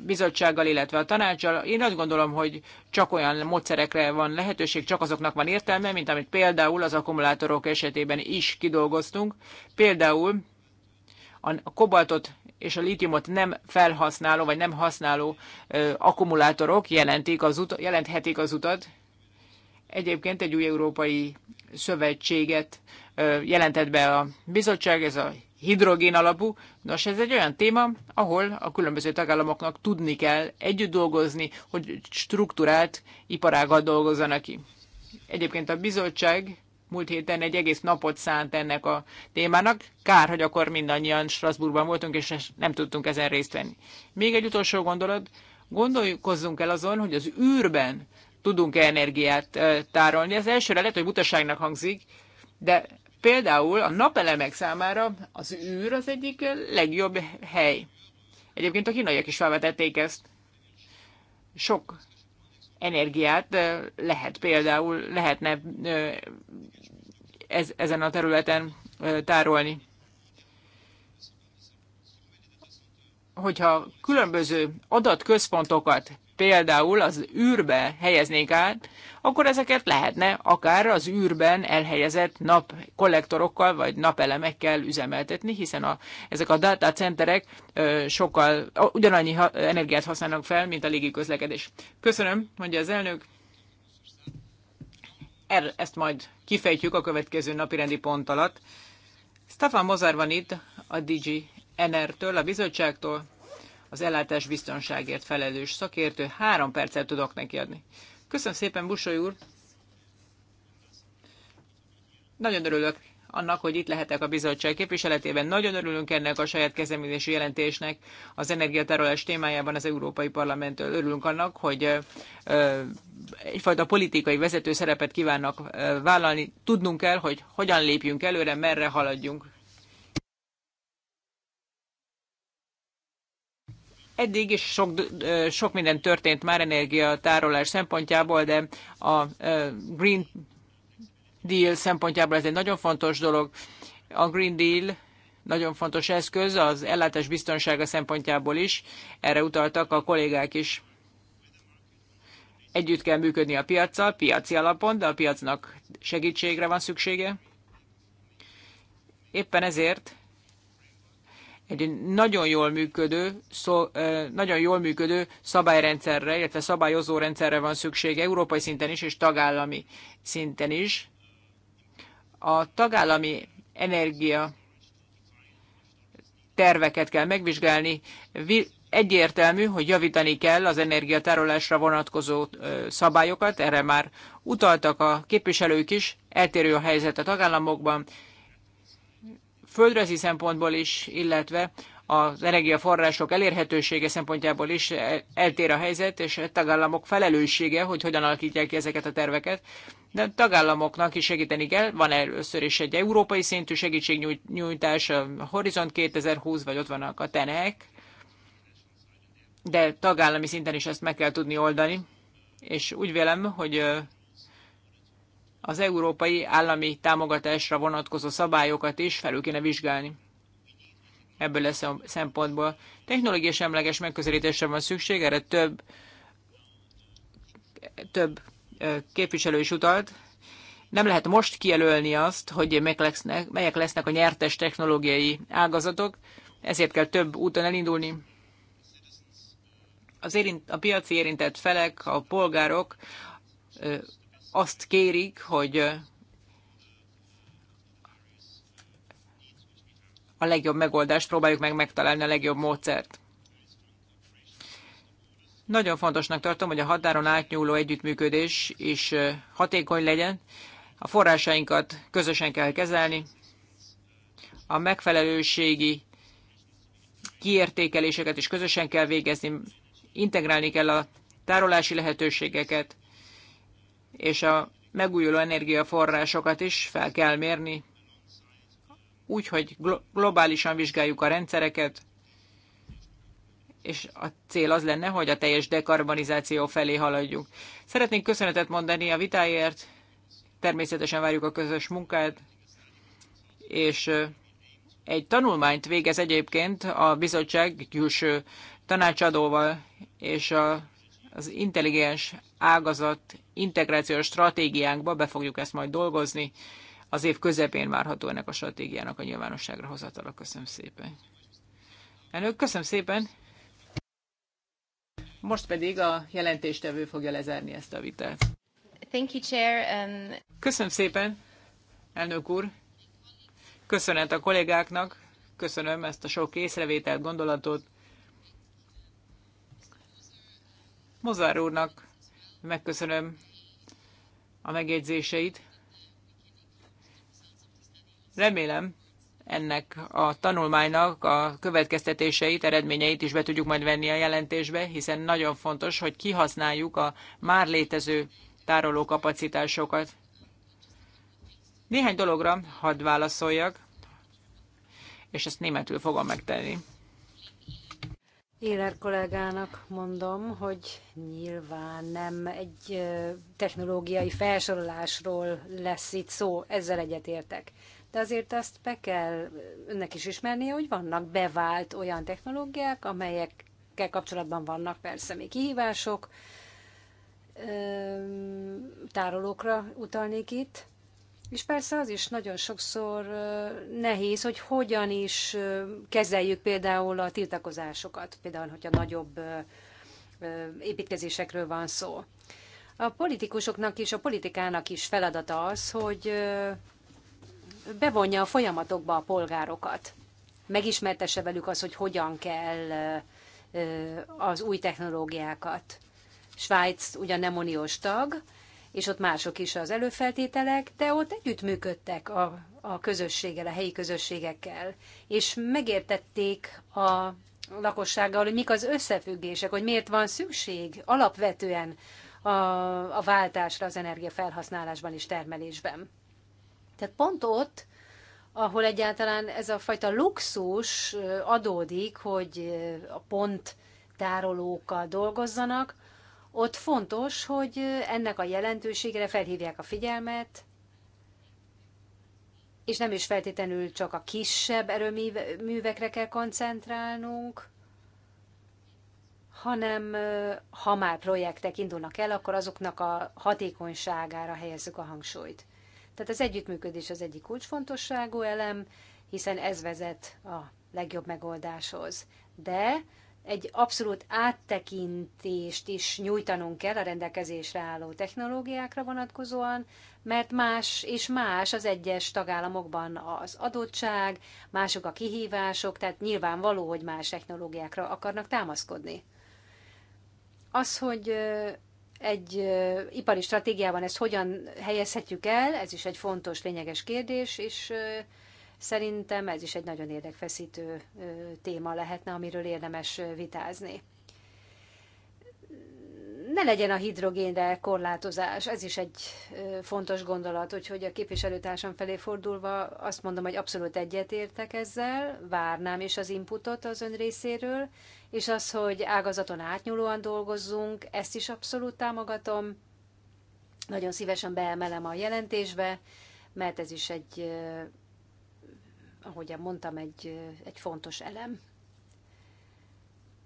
bizottsággal, illetve a tanácssal. Én azt gondolom, hogy csak olyan módszerekre van lehetőség, csak azoknak van értelme, mint amit például az akkumulátorok esetében is kidolgoztunk. Például a kobaltot és a litiumot nem felhasználó vagy nem használó akkumulátorok jelentik az utat, jelenthetik az utat. Egyébként egy új európai szövetséget jelentett be a bizottság, ez a hidrogén alapú. Nos, ez egy olyan téma, ahol a különböző tagállamoknak tudni kell együtt dolgozni, hogy struktúrált iparággal dolgozzanak ki. Egyébként a bizottság múlt héten egy egész napot szánt ennek a témának. Kár, hogy akkor mindannyian Strasbourgban voltunk, és nem tudtunk ezen részt venni. Még egy utolsó gondolat, gondolkozzunk el azon, hogy az űrben tudunk-e energiát tárolni. Ez elsőre lehet, hogy butaságnak hangzik, de Például a napelemek számára az űr az egyik legjobb hely. Egyébként a kínaiak is felvetették ezt. Sok energiát lehet például, lehetne ez, ezen a területen tárolni. Hogyha különböző adatközpontokat például az űrbe helyeznék át, akkor ezeket lehetne akár az űrben elhelyezett napkollektorokkal vagy napelemekkel üzemeltetni, hiszen a, ezek a datacenterek sokkal ugyanannyi ha, energiát használnak fel, mint a légiközlekedés. Köszönöm, mondja az elnök. Er, ezt majd kifejtjük a következő napi rendi pont alatt. Stefan Mozar van itt a DG NR-től, a bizottságtól az ellátás biztonságért felelős szakértő. Három percet tudok neki adni. Köszönöm szépen, Busoly úr! Nagyon örülök annak, hogy itt lehetek a bizottság képviseletében. Nagyon örülünk ennek a saját kezdeményezésű jelentésnek az energiatárolás témájában az Európai Parlamenttől. Örülünk annak, hogy egyfajta politikai vezető szerepet kívánnak vállalni. Tudnunk kell, hogy hogyan lépjünk előre, merre haladjunk. Eddig is sok, sok minden történt már energiatárolás szempontjából, de a Green Deal szempontjából ez egy nagyon fontos dolog. A Green Deal nagyon fontos eszköz az ellátás biztonsága szempontjából is, erre utaltak a kollégák is. Együtt kell működni a piaccal, piaci alapon, de a piacnak segítségre van szüksége. Éppen ezért egy nagyon jól működő, szó, nagyon jól működő szabályrendszerre, illetve szabályozó rendszerre van szükség európai szinten is és tagállami szinten is. A tagállami energia terveket kell megvizsgálni. Egyértelmű, hogy javítani kell az energiatárolásra vonatkozó szabályokat, erre már utaltak a képviselők is, eltérő a helyzet a tagállamokban, földrajzi szempontból is, illetve az energiaforrások elérhetősége szempontjából is e, eltér a helyzet, és a tagállamok felelőssége, hogy hogyan alakítják ki ezeket a terveket. De a tagállamoknak is segíteni kell. Van először is egy európai szintű segítségnyújtás, a Horizont 2020, vagy ott vannak a tenek, de tagállami szinten is ezt meg kell tudni oldani. És úgy vélem, hogy az európai állami támogatásra vonatkozó szabályokat is felül kéne vizsgálni. Ebből a szempontból technológiai semleges megközelítésre van szükség, erre több, több képviselő is utalt. Nem lehet most kijelölni azt, hogy melyek lesznek, melyek lesznek a nyertes technológiai ágazatok, ezért kell több úton elindulni. Az érint, a piaci érintett felek, a polgárok azt kérik, hogy a legjobb megoldást próbáljuk meg megtalálni a legjobb módszert. Nagyon fontosnak tartom, hogy a határon átnyúló együttműködés is hatékony legyen. A forrásainkat közösen kell kezelni. A megfelelőségi kiértékeléseket is közösen kell végezni. Integrálni kell a tárolási lehetőségeket, és a megújuló energiaforrásokat is fel kell mérni, úgy, hogy globálisan vizsgáljuk a rendszereket, és a cél az lenne, hogy a teljes dekarbonizáció felé haladjunk. Szeretnénk köszönetet mondani a vitáért, természetesen várjuk a közös munkát, és egy tanulmányt végez egyébként a bizottság külső tanácsadóval és a, az intelligens ágazat integrációs stratégiánkba be fogjuk ezt majd dolgozni. Az év közepén várható ennek a stratégiának a nyilvánosságra hozatala. Köszönöm szépen. Elnök, köszönöm szépen. Most pedig a jelentéstevő fogja lezárni ezt a vitát. Thank you, Chair. Um... Köszönöm szépen, elnök úr. Köszönet a kollégáknak, köszönöm ezt a sok észrevételt, gondolatot. Mozár úrnak Megköszönöm a megjegyzéseit. Remélem, ennek a tanulmánynak a következtetéseit, eredményeit is be tudjuk majd venni a jelentésbe, hiszen nagyon fontos, hogy kihasználjuk a már létező tárolókapacitásokat. Néhány dologra hadd válaszoljak, és ezt németül fogom megtenni. Éler kollégának mondom, hogy nyilván nem egy technológiai felsorolásról lesz itt szó, ezzel egyetértek. De azért azt be kell önnek is ismernie, hogy vannak bevált olyan technológiák, amelyekkel kapcsolatban vannak persze még kihívások, tárolókra utalnék itt, és persze az is nagyon sokszor nehéz, hogy hogyan is kezeljük például a tiltakozásokat, például, hogyha nagyobb építkezésekről van szó. A politikusoknak és a politikának is feladata az, hogy bevonja a folyamatokba a polgárokat. Megismertesse velük az, hogy hogyan kell az új technológiákat. Svájc ugyan nem uniós tag, és ott mások is az előfeltételek, de ott együttműködtek a, a közösséggel, a helyi közösségekkel, és megértették a lakossággal, hogy mik az összefüggések, hogy miért van szükség alapvetően a, a váltásra az energiafelhasználásban és termelésben. Tehát pont ott, ahol egyáltalán ez a fajta luxus adódik, hogy a pont tárolókkal dolgozzanak, ott fontos, hogy ennek a jelentőségre felhívják a figyelmet, és nem is feltétlenül csak a kisebb erőművekre kell koncentrálnunk, hanem ha már projektek indulnak el, akkor azoknak a hatékonyságára helyezzük a hangsúlyt. Tehát az együttműködés az egyik kulcsfontosságú elem, hiszen ez vezet a legjobb megoldáshoz. De egy abszolút áttekintést is nyújtanunk kell a rendelkezésre álló technológiákra vonatkozóan, mert más és más az egyes tagállamokban az adottság, mások a kihívások, tehát nyilvánvaló, hogy más technológiákra akarnak támaszkodni. Az, hogy egy ipari stratégiában ezt hogyan helyezhetjük el, ez is egy fontos, lényeges kérdés, és Szerintem ez is egy nagyon érdekfeszítő téma lehetne, amiről érdemes vitázni. Ne legyen a hidrogénre korlátozás, ez is egy fontos gondolat, úgyhogy a képviselőtársam felé fordulva azt mondom, hogy abszolút egyetértek ezzel, várnám is az inputot az ön részéről, és az, hogy ágazaton átnyúlóan dolgozzunk, ezt is abszolút támogatom. Nagyon szívesen beemelem a jelentésbe, mert ez is egy ahogy mondtam, egy, egy fontos elem.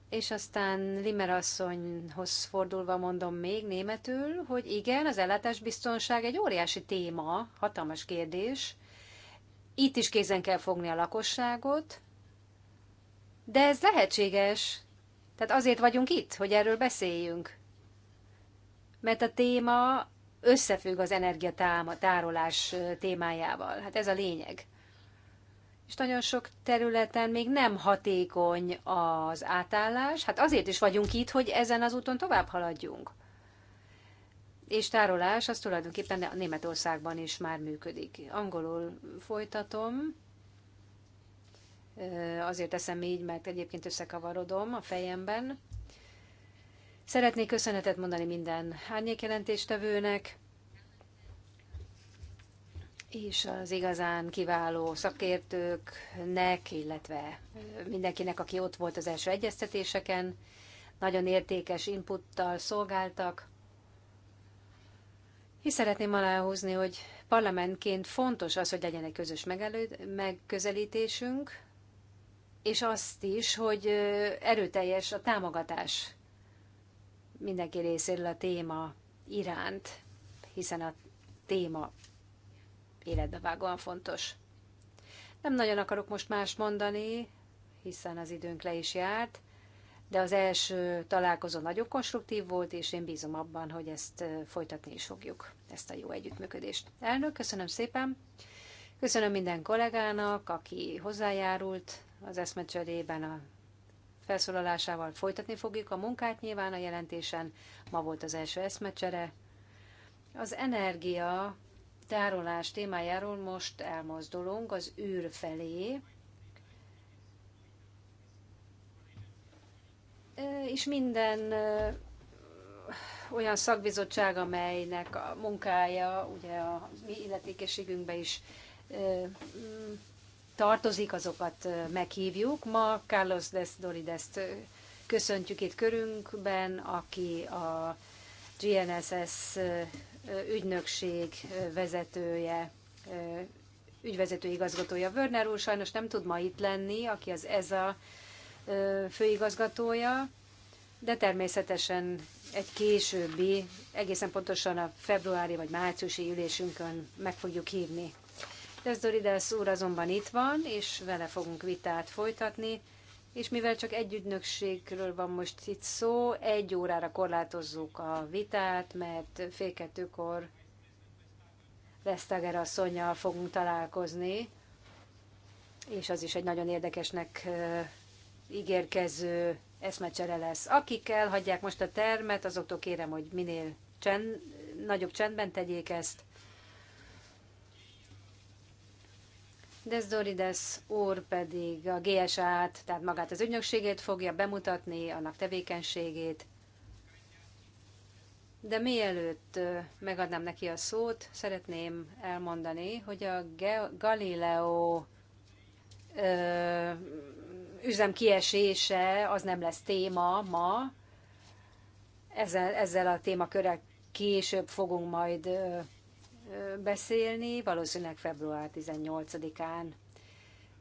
És aztán Limer asszonyhoz fordulva mondom még németül, hogy igen, az ellátásbiztonság egy óriási téma, hatalmas kérdés. Itt is kézen kell fogni a lakosságot, de ez lehetséges. Tehát azért vagyunk itt, hogy erről beszéljünk. Mert a téma összefügg az energiatárolás témájával. Hát ez a lényeg és nagyon sok területen még nem hatékony az átállás. Hát azért is vagyunk itt, hogy ezen az úton tovább haladjunk. És tárolás az tulajdonképpen a Németországban is már működik. Angolul folytatom. Azért teszem így, mert egyébként összekavarodom a fejemben. Szeretnék köszönetet mondani minden árnyékjelentéstevőnek, és az igazán kiváló szakértőknek, illetve mindenkinek, aki ott volt az első egyeztetéseken, nagyon értékes inputtal szolgáltak. És szeretném aláhúzni, hogy parlamentként fontos az, hogy legyen egy közös megelőd, megközelítésünk, és azt is, hogy erőteljes a támogatás mindenki részéről a téma iránt, hiszen a téma vágóan fontos. Nem nagyon akarok most más mondani, hiszen az időnk le is járt, de az első találkozó nagyon konstruktív volt, és én bízom abban, hogy ezt folytatni is fogjuk, ezt a jó együttműködést. Elnök, köszönöm szépen! Köszönöm minden kollégának, aki hozzájárult az eszmecserében a felszólalásával. Folytatni fogjuk a munkát nyilván a jelentésen. Ma volt az első eszmecsere. Az energia tárolás témájáról most elmozdulunk az űr felé, és minden olyan szakbizottság, amelynek a munkája ugye a mi illetékességünkbe is tartozik, azokat meghívjuk. Ma Carlos Des Doridest köszöntjük itt körünkben, aki a GNSS ügynökség vezetője, ügyvezető igazgatója. Wörner úr sajnos nem tud ma itt lenni, aki az ez a főigazgatója, de természetesen egy későbbi, egészen pontosan a februári vagy márciusi ülésünkön meg fogjuk hívni. Dezdoridesz úr azonban itt van, és vele fogunk vitát folytatni és mivel csak egy ügynökségről van most itt szó, egy órára korlátozzuk a vitát, mert fél kettőkor Vesztager asszonyjal fogunk találkozni, és az is egy nagyon érdekesnek ígérkező eszmecsere lesz. Akik elhagyják most a termet, azoktól kérem, hogy minél csend, nagyobb csendben tegyék ezt, Desdorides úr pedig a GSA-t, tehát magát az ügynökségét fogja bemutatni, annak tevékenységét. De mielőtt megadnám neki a szót, szeretném elmondani, hogy a Galileo üzem kiesése az nem lesz téma ma. Ezzel, ezzel a témakörrel később fogunk majd beszélni, valószínűleg február 18-án.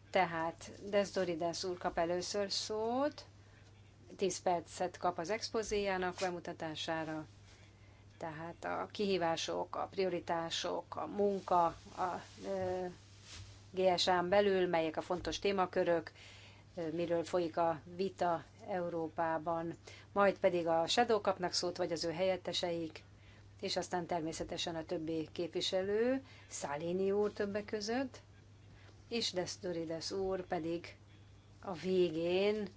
Tehát Desdorides úr kap először szót, 10 percet kap az expozéjának bemutatására, tehát a kihívások, a prioritások, a munka, a GSA-n belül, melyek a fontos témakörök, miről folyik a vita Európában. Majd pedig a Shadow kapnak szót, vagy az ő helyetteseik, és aztán természetesen a többi képviselő, Szálini úr többek között, és Destorides úr pedig a végén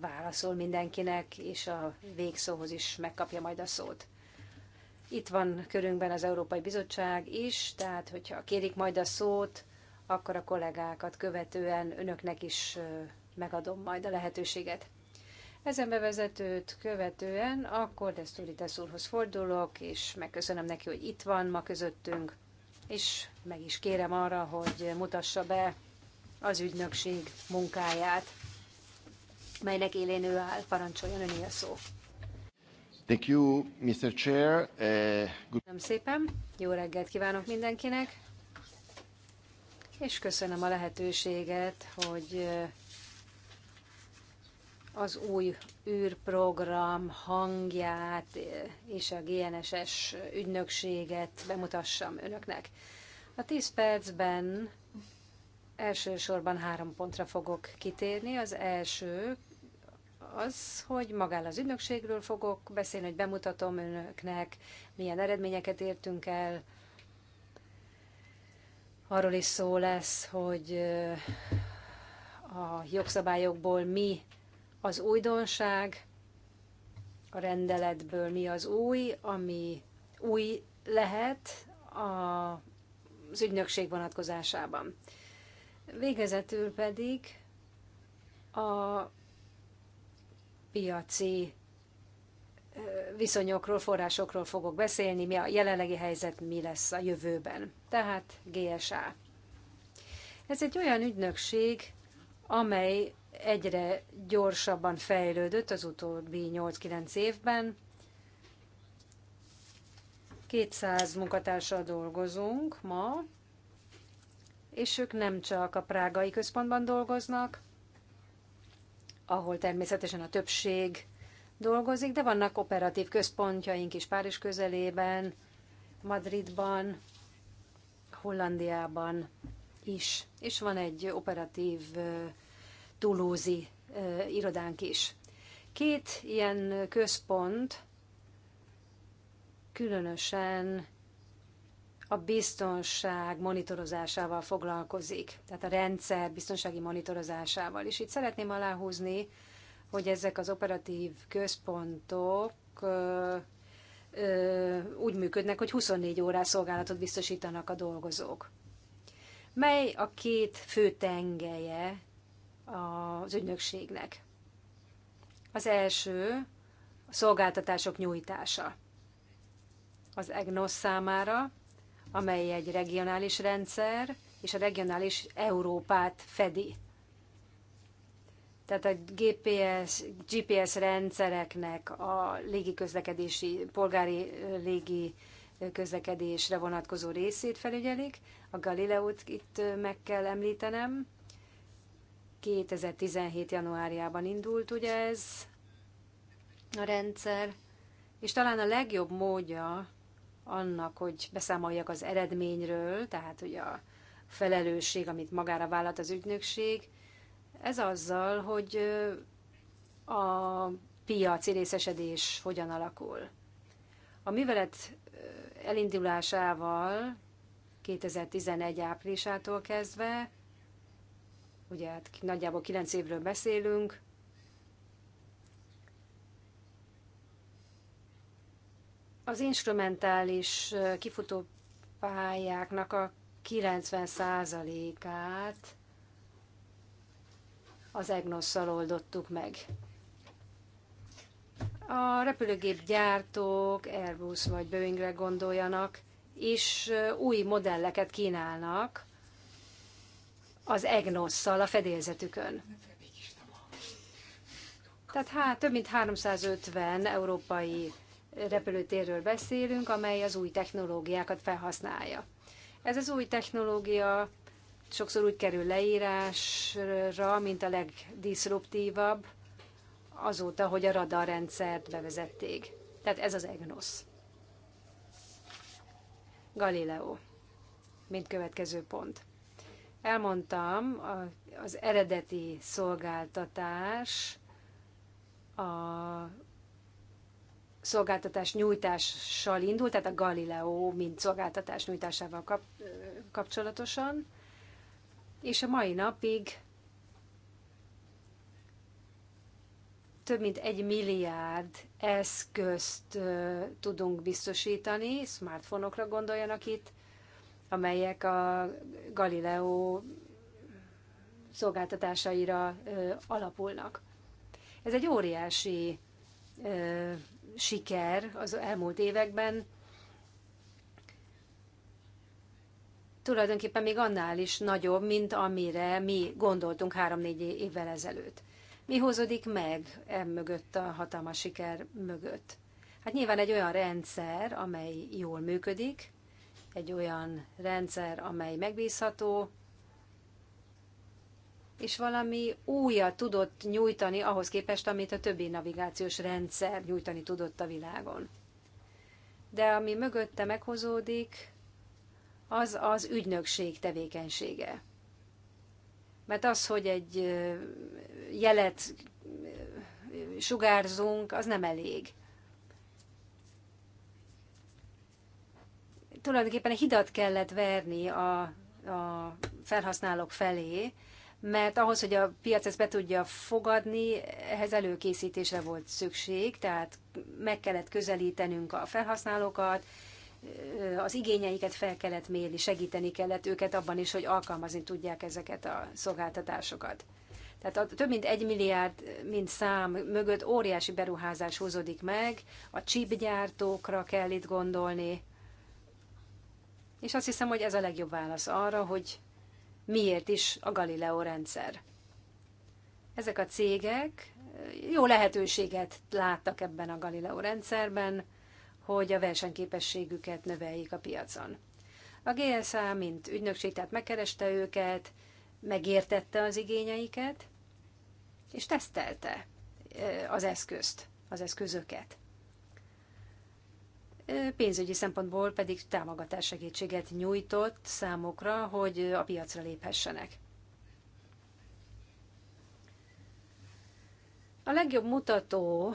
válaszol mindenkinek, és a végszóhoz is megkapja majd a szót. Itt van körünkben az Európai Bizottság is, tehát hogyha kérik majd a szót, akkor a kollégákat követően önöknek is megadom majd a lehetőséget. Ezen bevezetőt követően akkor Desturitas úrhoz fordulok, és megköszönöm neki, hogy itt van ma közöttünk, és meg is kérem arra, hogy mutassa be az ügynökség munkáját, melynek élén ő áll. Parancsoljon öné a szó. Thank you, Mr. Chair. Uh, good... szépen, jó reggelt kívánok mindenkinek, és köszönöm a lehetőséget, hogy az új űrprogram hangját eh, és a GNSS ügynökséget bemutassam önöknek. A 10 percben elsősorban három pontra fogok kitérni. Az első az, hogy magán az ügynökségről fogok beszélni, hogy bemutatom önöknek, milyen eredményeket értünk el. Arról is szó lesz, hogy eh, a jogszabályokból mi az újdonság a rendeletből, mi az új, ami új lehet az ügynökség vonatkozásában. Végezetül pedig a piaci viszonyokról, forrásokról fogok beszélni, mi a jelenlegi helyzet, mi lesz a jövőben. Tehát GSA. Ez egy olyan ügynökség, amely egyre gyorsabban fejlődött az utóbbi 8-9 évben. 200 munkatársal dolgozunk ma, és ők nem csak a prágai központban dolgoznak, ahol természetesen a többség dolgozik, de vannak operatív központjaink is Párizs közelében, Madridban, Hollandiában is, és van egy operatív tulúzi irodánk is. Két ilyen központ különösen a biztonság monitorozásával foglalkozik, tehát a rendszer biztonsági monitorozásával. És itt szeretném aláhúzni, hogy ezek az operatív központok ö, ö, úgy működnek, hogy 24 órás szolgálatot biztosítanak a dolgozók. Mely a két fő tengelye az ügynökségnek. Az első a szolgáltatások nyújtása az EGNOS számára, amely egy regionális rendszer, és a regionális Európát fedi. Tehát a GPS, GPS rendszereknek a légiközlekedési, polgári légi közlekedésre vonatkozó részét felügyelik. A Galileót itt meg kell említenem, 2017. januárjában indult, ugye ez a rendszer, és talán a legjobb módja annak, hogy beszámoljak az eredményről, tehát hogy a felelősség, amit magára vállalt az ügynökség, ez azzal, hogy a piaci részesedés hogyan alakul. A művelet elindulásával 2011 áprilisától kezdve ugye hát nagyjából 9 évről beszélünk, az instrumentális kifutó pályáknak a 90%-át az EGNOS-szal oldottuk meg. A repülőgép gyártók, Airbus vagy Boeingre gondoljanak, és új modelleket kínálnak, az egnosszal a fedélzetükön. Tehát hát, több mint 350 európai repülőtérről beszélünk, amely az új technológiákat felhasználja. Ez az új technológia sokszor úgy kerül leírásra, mint a legdiszruptívabb azóta, hogy a radarrendszert bevezették. Tehát ez az EGNOS. Galileo, mint következő pont. Elmondtam, az eredeti szolgáltatás a szolgáltatás nyújtással indult, tehát a Galileo mint szolgáltatás nyújtásával kap, kapcsolatosan, és a mai napig több mint egy milliárd eszközt tudunk biztosítani, smartfonokra gondoljanak itt, amelyek a Galileo szolgáltatásaira alapulnak. Ez egy óriási siker az elmúlt években. Tulajdonképpen még annál is nagyobb, mint amire mi gondoltunk három-négy évvel ezelőtt. Mi hozódik meg e mögött a hatalmas siker mögött? Hát nyilván egy olyan rendszer, amely jól működik, egy olyan rendszer, amely megbízható, és valami újat tudott nyújtani ahhoz képest, amit a többi navigációs rendszer nyújtani tudott a világon. De ami mögötte meghozódik, az az ügynökség tevékenysége. Mert az, hogy egy jelet sugárzunk, az nem elég. tulajdonképpen egy hidat kellett verni a, a felhasználók felé, mert ahhoz, hogy a piac ezt be tudja fogadni, ehhez előkészítésre volt szükség, tehát meg kellett közelítenünk a felhasználókat, az igényeiket fel kellett mérni, segíteni kellett őket abban is, hogy alkalmazni tudják ezeket a szolgáltatásokat. Tehát a több mint egy milliárd, mint szám mögött óriási beruházás húzódik meg, a csípgyártókra kell itt gondolni, és azt hiszem, hogy ez a legjobb válasz arra, hogy miért is a Galileo rendszer. Ezek a cégek eh, jó lehetőséget láttak ebben a Galileo rendszerben, hogy a versenyképességüket növeljék a piacon. A GSA, mint ügynökség, tehát megkereste őket, megértette az igényeiket, és tesztelte eh, az eszközt, az eszközöket pénzügyi szempontból pedig támogatás segítséget nyújtott számokra, hogy a piacra léphessenek. A legjobb mutató,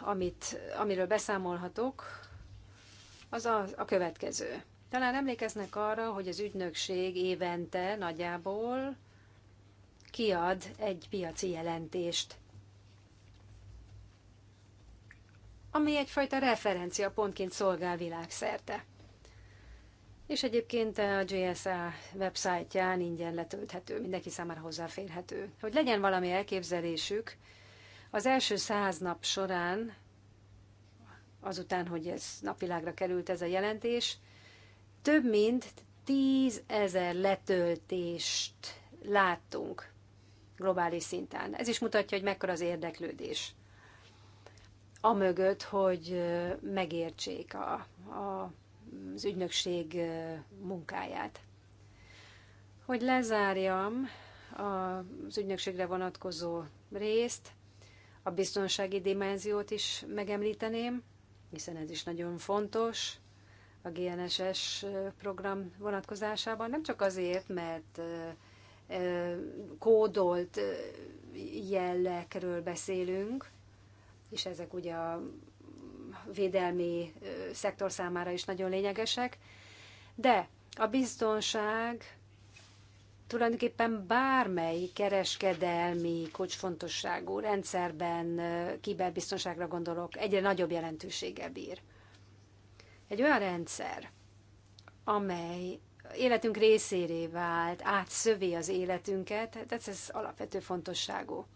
amit, amiről beszámolhatok, az a, a következő. Talán emlékeznek arra, hogy az ügynökség évente nagyjából kiad egy piaci jelentést ami egyfajta referencia pontként szolgál világszerte. És egyébként a JSA websájtján ingyen letölthető, mindenki számára hozzáférhető. Hogy legyen valami elképzelésük, az első száz nap során, azután, hogy ez napvilágra került ez a jelentés, több mint tízezer letöltést láttunk globális szinten. Ez is mutatja, hogy mekkora az érdeklődés amögött, hogy megértsék a, a, az ügynökség munkáját. Hogy lezárjam az ügynökségre vonatkozó részt, a biztonsági dimenziót is megemlíteném, hiszen ez is nagyon fontos a GNSS program vonatkozásában, nem csak azért, mert kódolt jellekről beszélünk, és ezek ugye a védelmi szektor számára is nagyon lényegesek, de a biztonság tulajdonképpen bármely kereskedelmi kocsfontosságú rendszerben, kiberbiztonságra gondolok, egyre nagyobb jelentősége bír. Egy olyan rendszer, amely életünk részéré vált, átszövi az életünket, tehát ez alapvető fontosságú.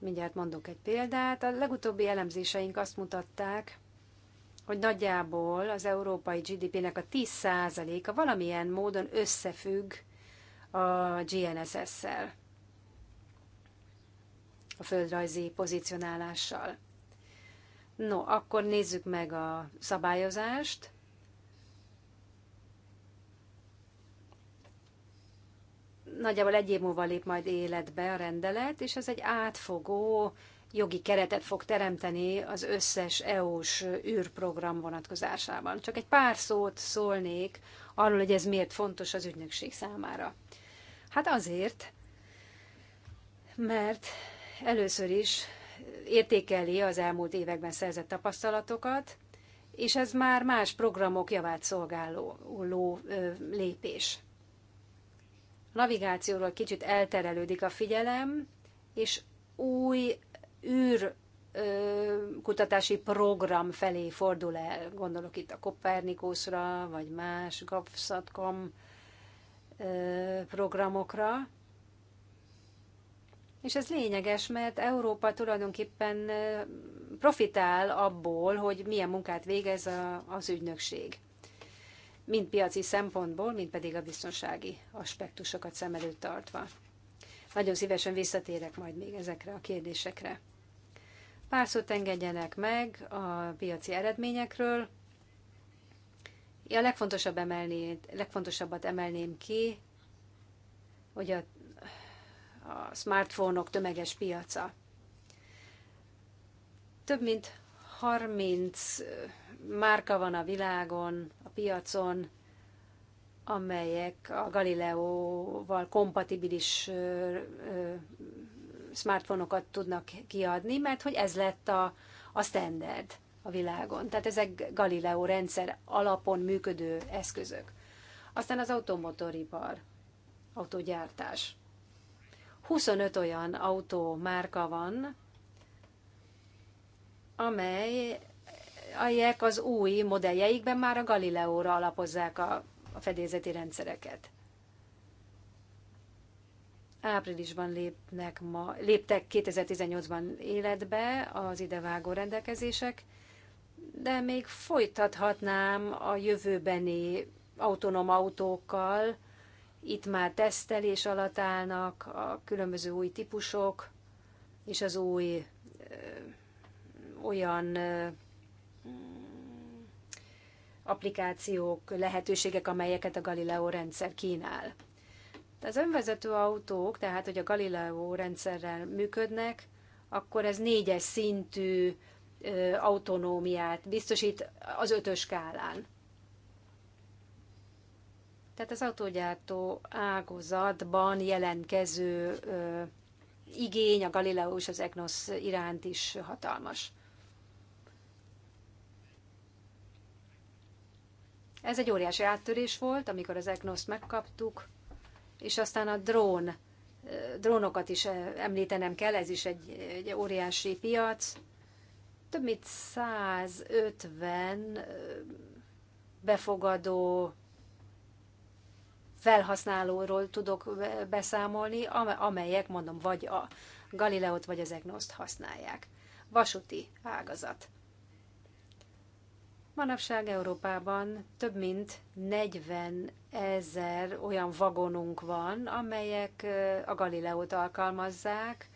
Mindjárt mondok egy példát. A legutóbbi elemzéseink azt mutatták, hogy nagyjából az európai GDP-nek a 10%-a valamilyen módon összefügg a GNSS-szel, a földrajzi pozícionálással. No, akkor nézzük meg a szabályozást. nagyjából egy év múlva lép majd életbe a rendelet, és ez egy átfogó jogi keretet fog teremteni az összes EU-s űrprogram vonatkozásában. Csak egy pár szót szólnék arról, hogy ez miért fontos az ügynökség számára. Hát azért, mert először is értékeli az elmúlt években szerzett tapasztalatokat, és ez már más programok javát szolgáló lépés navigációról kicsit elterelődik a figyelem, és új űr kutatási program felé fordul el. Gondolok itt a Kopernikuszra, vagy más Gapszatkom programokra. És ez lényeges, mert Európa tulajdonképpen profitál abból, hogy milyen munkát végez a, az ügynökség mind piaci szempontból, mind pedig a biztonsági aspektusokat szem előtt tartva. Nagyon szívesen visszatérek majd még ezekre a kérdésekre. Pár szót engedjenek meg a piaci eredményekről. A legfontosabb emelni, legfontosabbat emelném ki, hogy a, a smartphone-ok tömeges piaca. Több mint 30 márka van a világon, piacon, amelyek a Galileo-val kompatibilis smartfonokat tudnak kiadni, mert hogy ez lett a, a standard a világon. Tehát ezek Galileo rendszer alapon működő eszközök. Aztán az automotoripar, autogyártás. 25 olyan autómárka van, amely amelyek az új modelljeikben már a Galileóra alapozzák a, a fedélzeti rendszereket. Áprilisban lépnek ma, léptek 2018-ban életbe az idevágó rendelkezések, de még folytathatnám a jövőbeni autonóm autókkal. Itt már tesztelés alatt állnak a különböző új típusok, és az új ö, olyan ö, applikációk, lehetőségek, amelyeket a Galileo rendszer kínál. De az önvezető autók, tehát hogy a Galileo rendszerrel működnek, akkor ez négyes szintű autonómiát biztosít az ötös skálán. Tehát az autógyártó ágazatban jelentkező igény a Galileo és az EGNOS iránt is hatalmas. Ez egy óriási áttörés volt, amikor az egnoszt megkaptuk, és aztán a drón, eh, drónokat is eh, említenem kell, ez is egy, egy óriási piac. Több mint 150 eh, befogadó felhasználóról tudok beszámolni, amelyek, mondom, vagy a Galileot, vagy az Egnoszt használják. Vasúti ágazat. Manapság Európában több mint 40 ezer olyan vagonunk van, amelyek a Galileót alkalmazzák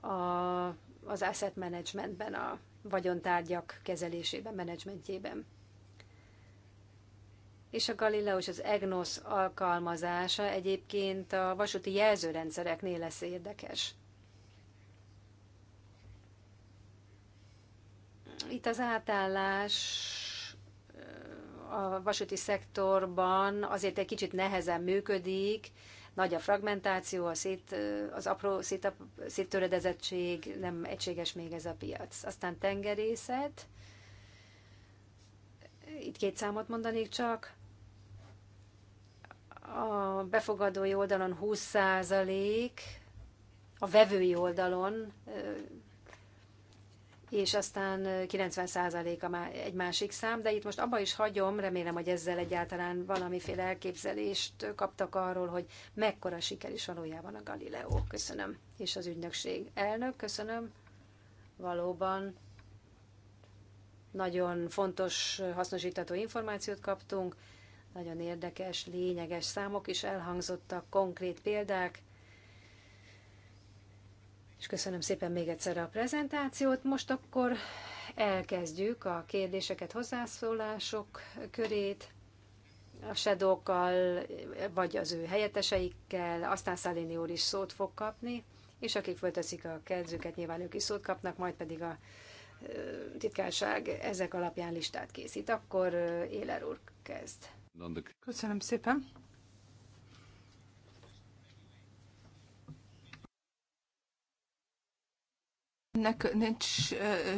a, az asset managementben, a vagyontárgyak kezelésében, menedzsmentjében. És a Galileo és az EGNOS alkalmazása egyébként a vasúti jelzőrendszereknél lesz érdekes. Itt az átállás a vasúti szektorban azért egy kicsit nehezen működik, nagy a fragmentáció, a szét, az apró széttöredezettség, nem egységes még ez a piac. Aztán tengerészet, itt két számot mondanék csak, a befogadói oldalon 20 százalék, a vevői oldalon és aztán 90% a egy másik szám, de itt most abba is hagyom, remélem, hogy ezzel egyáltalán valamiféle elképzelést kaptak arról, hogy mekkora siker is valójában a Galileo. Köszönöm. És az ügynökség elnök, köszönöm. Valóban nagyon fontos, hasznosítató információt kaptunk, nagyon érdekes, lényeges számok is elhangzottak, konkrét példák, és köszönöm szépen még egyszer a prezentációt. Most akkor elkezdjük a kérdéseket, hozzászólások körét a sedókkal, vagy az ő helyetteseikkel, aztán Szalini úr is szót fog kapni, és akik fölteszik a kedzőket, nyilván ők is szót kapnak, majd pedig a titkárság ezek alapján listát készít. Akkor Éler úr kezd. Köszönöm szépen. Nek nincs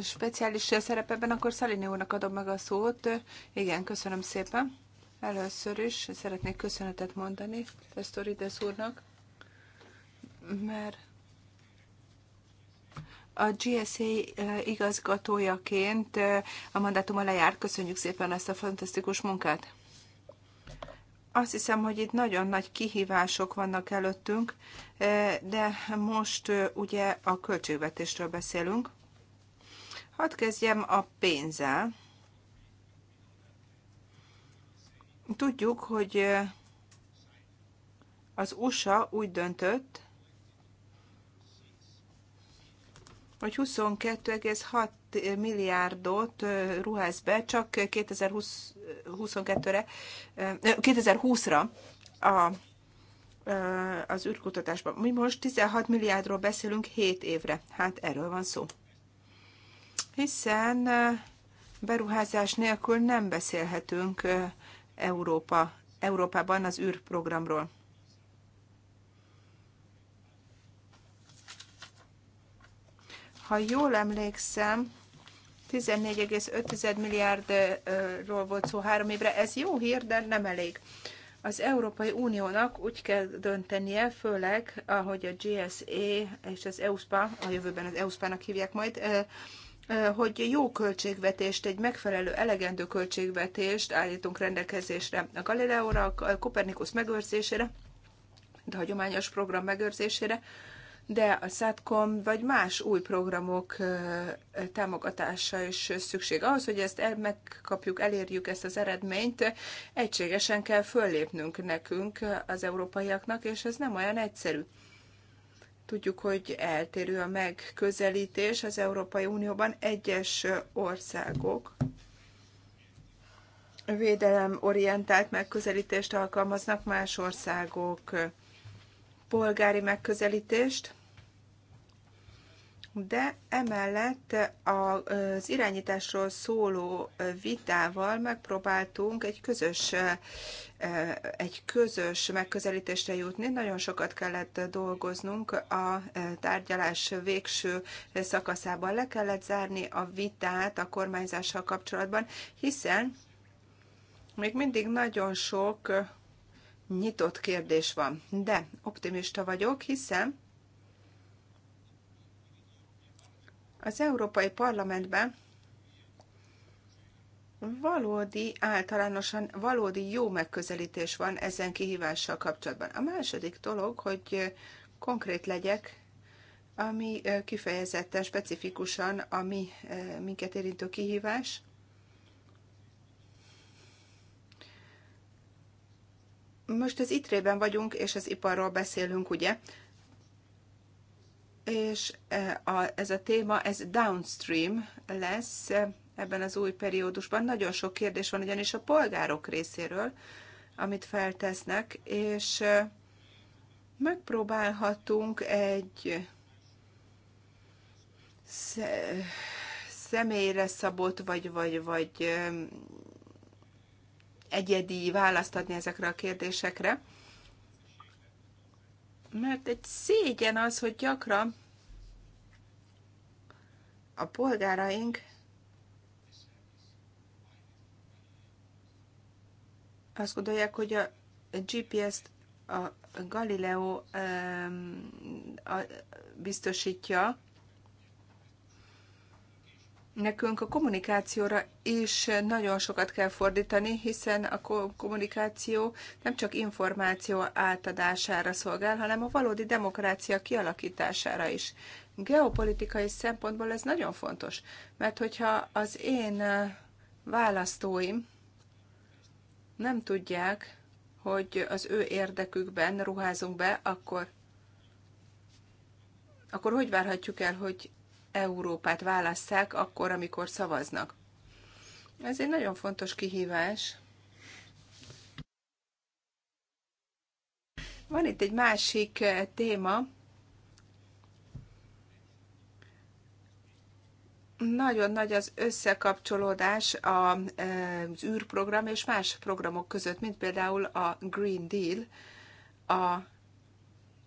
speciális szerep ebben, akkor Szalini úrnak adom meg a szót. Igen, köszönöm szépen. Először is szeretnék köszönetet mondani Testorides úrnak, mert a GSA igazgatójaként a mandátuma jár. Köszönjük szépen ezt a fantasztikus munkát. Azt hiszem, hogy itt nagyon nagy kihívások vannak előttünk, eh, de most eh, ugye a költségvetésről beszélünk. Hadd kezdjem a pénzzel. Tudjuk, hogy eh, az USA úgy döntött, hogy milliárdot ruház be csak 2022-re, 2020-ra a, az űrkutatásban. Mi most 16 milliárdról beszélünk 7 évre. Hát erről van szó. Hiszen beruházás nélkül nem beszélhetünk Európa, Európában az űrprogramról. Ha jól emlékszem, 14,5 milliárdról volt szó három évre. Ez jó hír, de nem elég. Az Európai Uniónak úgy kell döntenie, főleg, ahogy a GSE és az EUSPA, a jövőben az EUSPA-nak hívják majd, hogy jó költségvetést, egy megfelelő, elegendő költségvetést állítunk rendelkezésre a Galileóra, a Kopernikus megőrzésére, a hagyományos program megőrzésére, de a SATCOM vagy más új programok támogatása is szükség. Ahhoz, hogy ezt el, megkapjuk, elérjük ezt az eredményt, egységesen kell föllépnünk nekünk, az európaiaknak, és ez nem olyan egyszerű. Tudjuk, hogy eltérő a megközelítés az Európai Unióban egyes országok védelemorientált megközelítést alkalmaznak más országok polgári megközelítést, de emellett az irányításról szóló vitával megpróbáltunk egy közös, egy közös megközelítésre jutni. Nagyon sokat kellett dolgoznunk a tárgyalás végső szakaszában. Le kellett zárni a vitát a kormányzással kapcsolatban, hiszen még mindig nagyon sok nyitott kérdés van. De optimista vagyok, hiszen Az Európai Parlamentben valódi, általánosan valódi jó megközelítés van ezen kihívással kapcsolatban. A második dolog, hogy konkrét legyek, ami kifejezetten, specifikusan a mi, minket érintő kihívás. Most az itrében vagyunk, és az iparról beszélünk, ugye? és e, ez a téma, ez downstream lesz e, ebben az új periódusban. Nagyon sok kérdés van ugyanis a polgárok részéről, amit feltesznek, és e, megpróbálhatunk egy személyre szabott, vagy, vagy, vagy egyedi választ adni ezekre a kérdésekre mert egy szégyen az, hogy gyakran a polgáraink azt gondolják, hogy a GPS-t a Galileo biztosítja, nekünk a kommunikációra is nagyon sokat kell fordítani, hiszen a kommunikáció nem csak információ átadására szolgál, hanem a valódi demokrácia kialakítására is. Geopolitikai szempontból ez nagyon fontos, mert hogyha az én választóim nem tudják, hogy az ő érdekükben ruházunk be, akkor, akkor hogy várhatjuk el, hogy Európát válasszák akkor, amikor szavaznak. Ez egy nagyon fontos kihívás. Van itt egy másik eh, téma. Nagyon nagy az összekapcsolódás eh, az űrprogram és más programok között, mint például a Green Deal. A,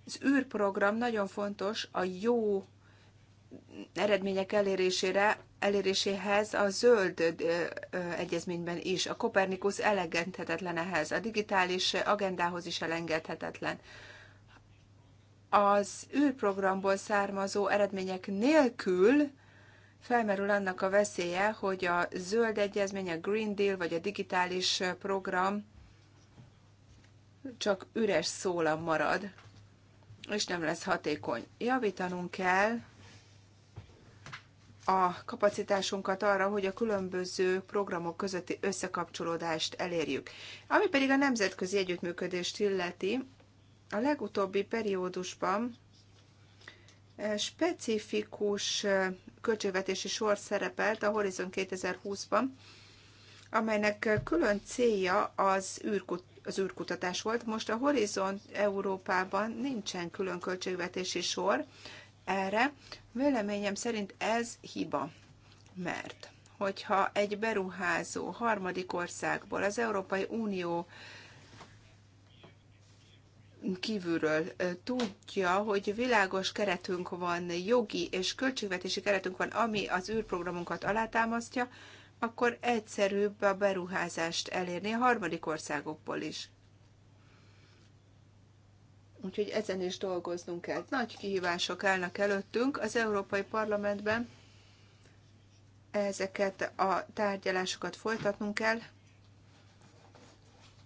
az űrprogram nagyon fontos a jó eredmények elérésére, eléréséhez a zöld egyezményben is. A Kopernikus elengedhetetlen ehhez, a digitális agendához is elengedhetetlen. Az űrprogramból származó eredmények nélkül felmerül annak a veszélye, hogy a zöld egyezmény, a Green Deal vagy a digitális program csak üres szólam marad, és nem lesz hatékony. Javítanunk kell a kapacitásunkat arra, hogy a különböző programok közötti összekapcsolódást elérjük. Ami pedig a nemzetközi együttműködést illeti, a legutóbbi periódusban e, specifikus e, költségvetési sor szerepelt a Horizon 2020-ban, amelynek e, külön célja az, űrkut, az űrkutatás volt. Most a Horizon Európában nincsen külön költségvetési sor, erre. Véleményem szerint ez hiba, mert hogyha egy beruházó harmadik országból az Európai Unió kívülről tudja, hogy világos keretünk van, jogi és költségvetési keretünk van, ami az űrprogramunkat alátámasztja, akkor egyszerűbb a beruházást elérni a harmadik országokból is. Úgyhogy ezen is dolgoznunk kell. Nagy kihívások állnak előttünk az Európai Parlamentben. Ezeket a tárgyalásokat folytatnunk kell,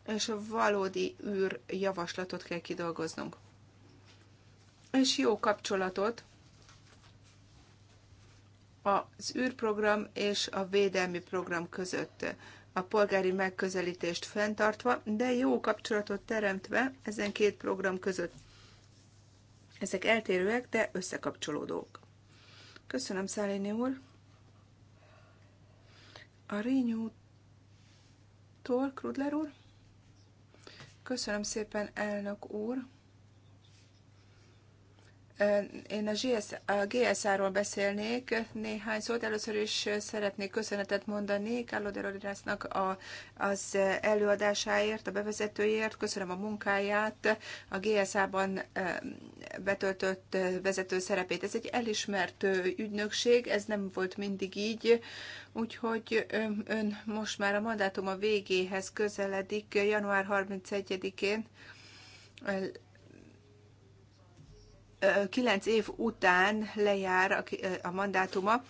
és a valódi javaslatot kell kidolgoznunk. És jó kapcsolatot az űrprogram és a védelmi program között a polgári megközelítést fenntartva, de jó kapcsolatot teremtve ezen két program között. Ezek eltérőek, de összekapcsolódók. Köszönöm, Szálini úr. A Tól, Krudler úr. Köszönöm szépen, elnök úr. Én a, GS, GSA-ról beszélnék néhány szót. Először is szeretnék köszönetet mondani Carlo de Rodrigueznak a, az előadásáért, a bevezetőért. Köszönöm a munkáját, a GSA-ban betöltött vezető szerepét. Ez egy elismert ügynökség, ez nem volt mindig így, úgyhogy ön, ön most már a mandátum a végéhez közeledik, január 31-én kilenc év után lejár a, a mandátuma,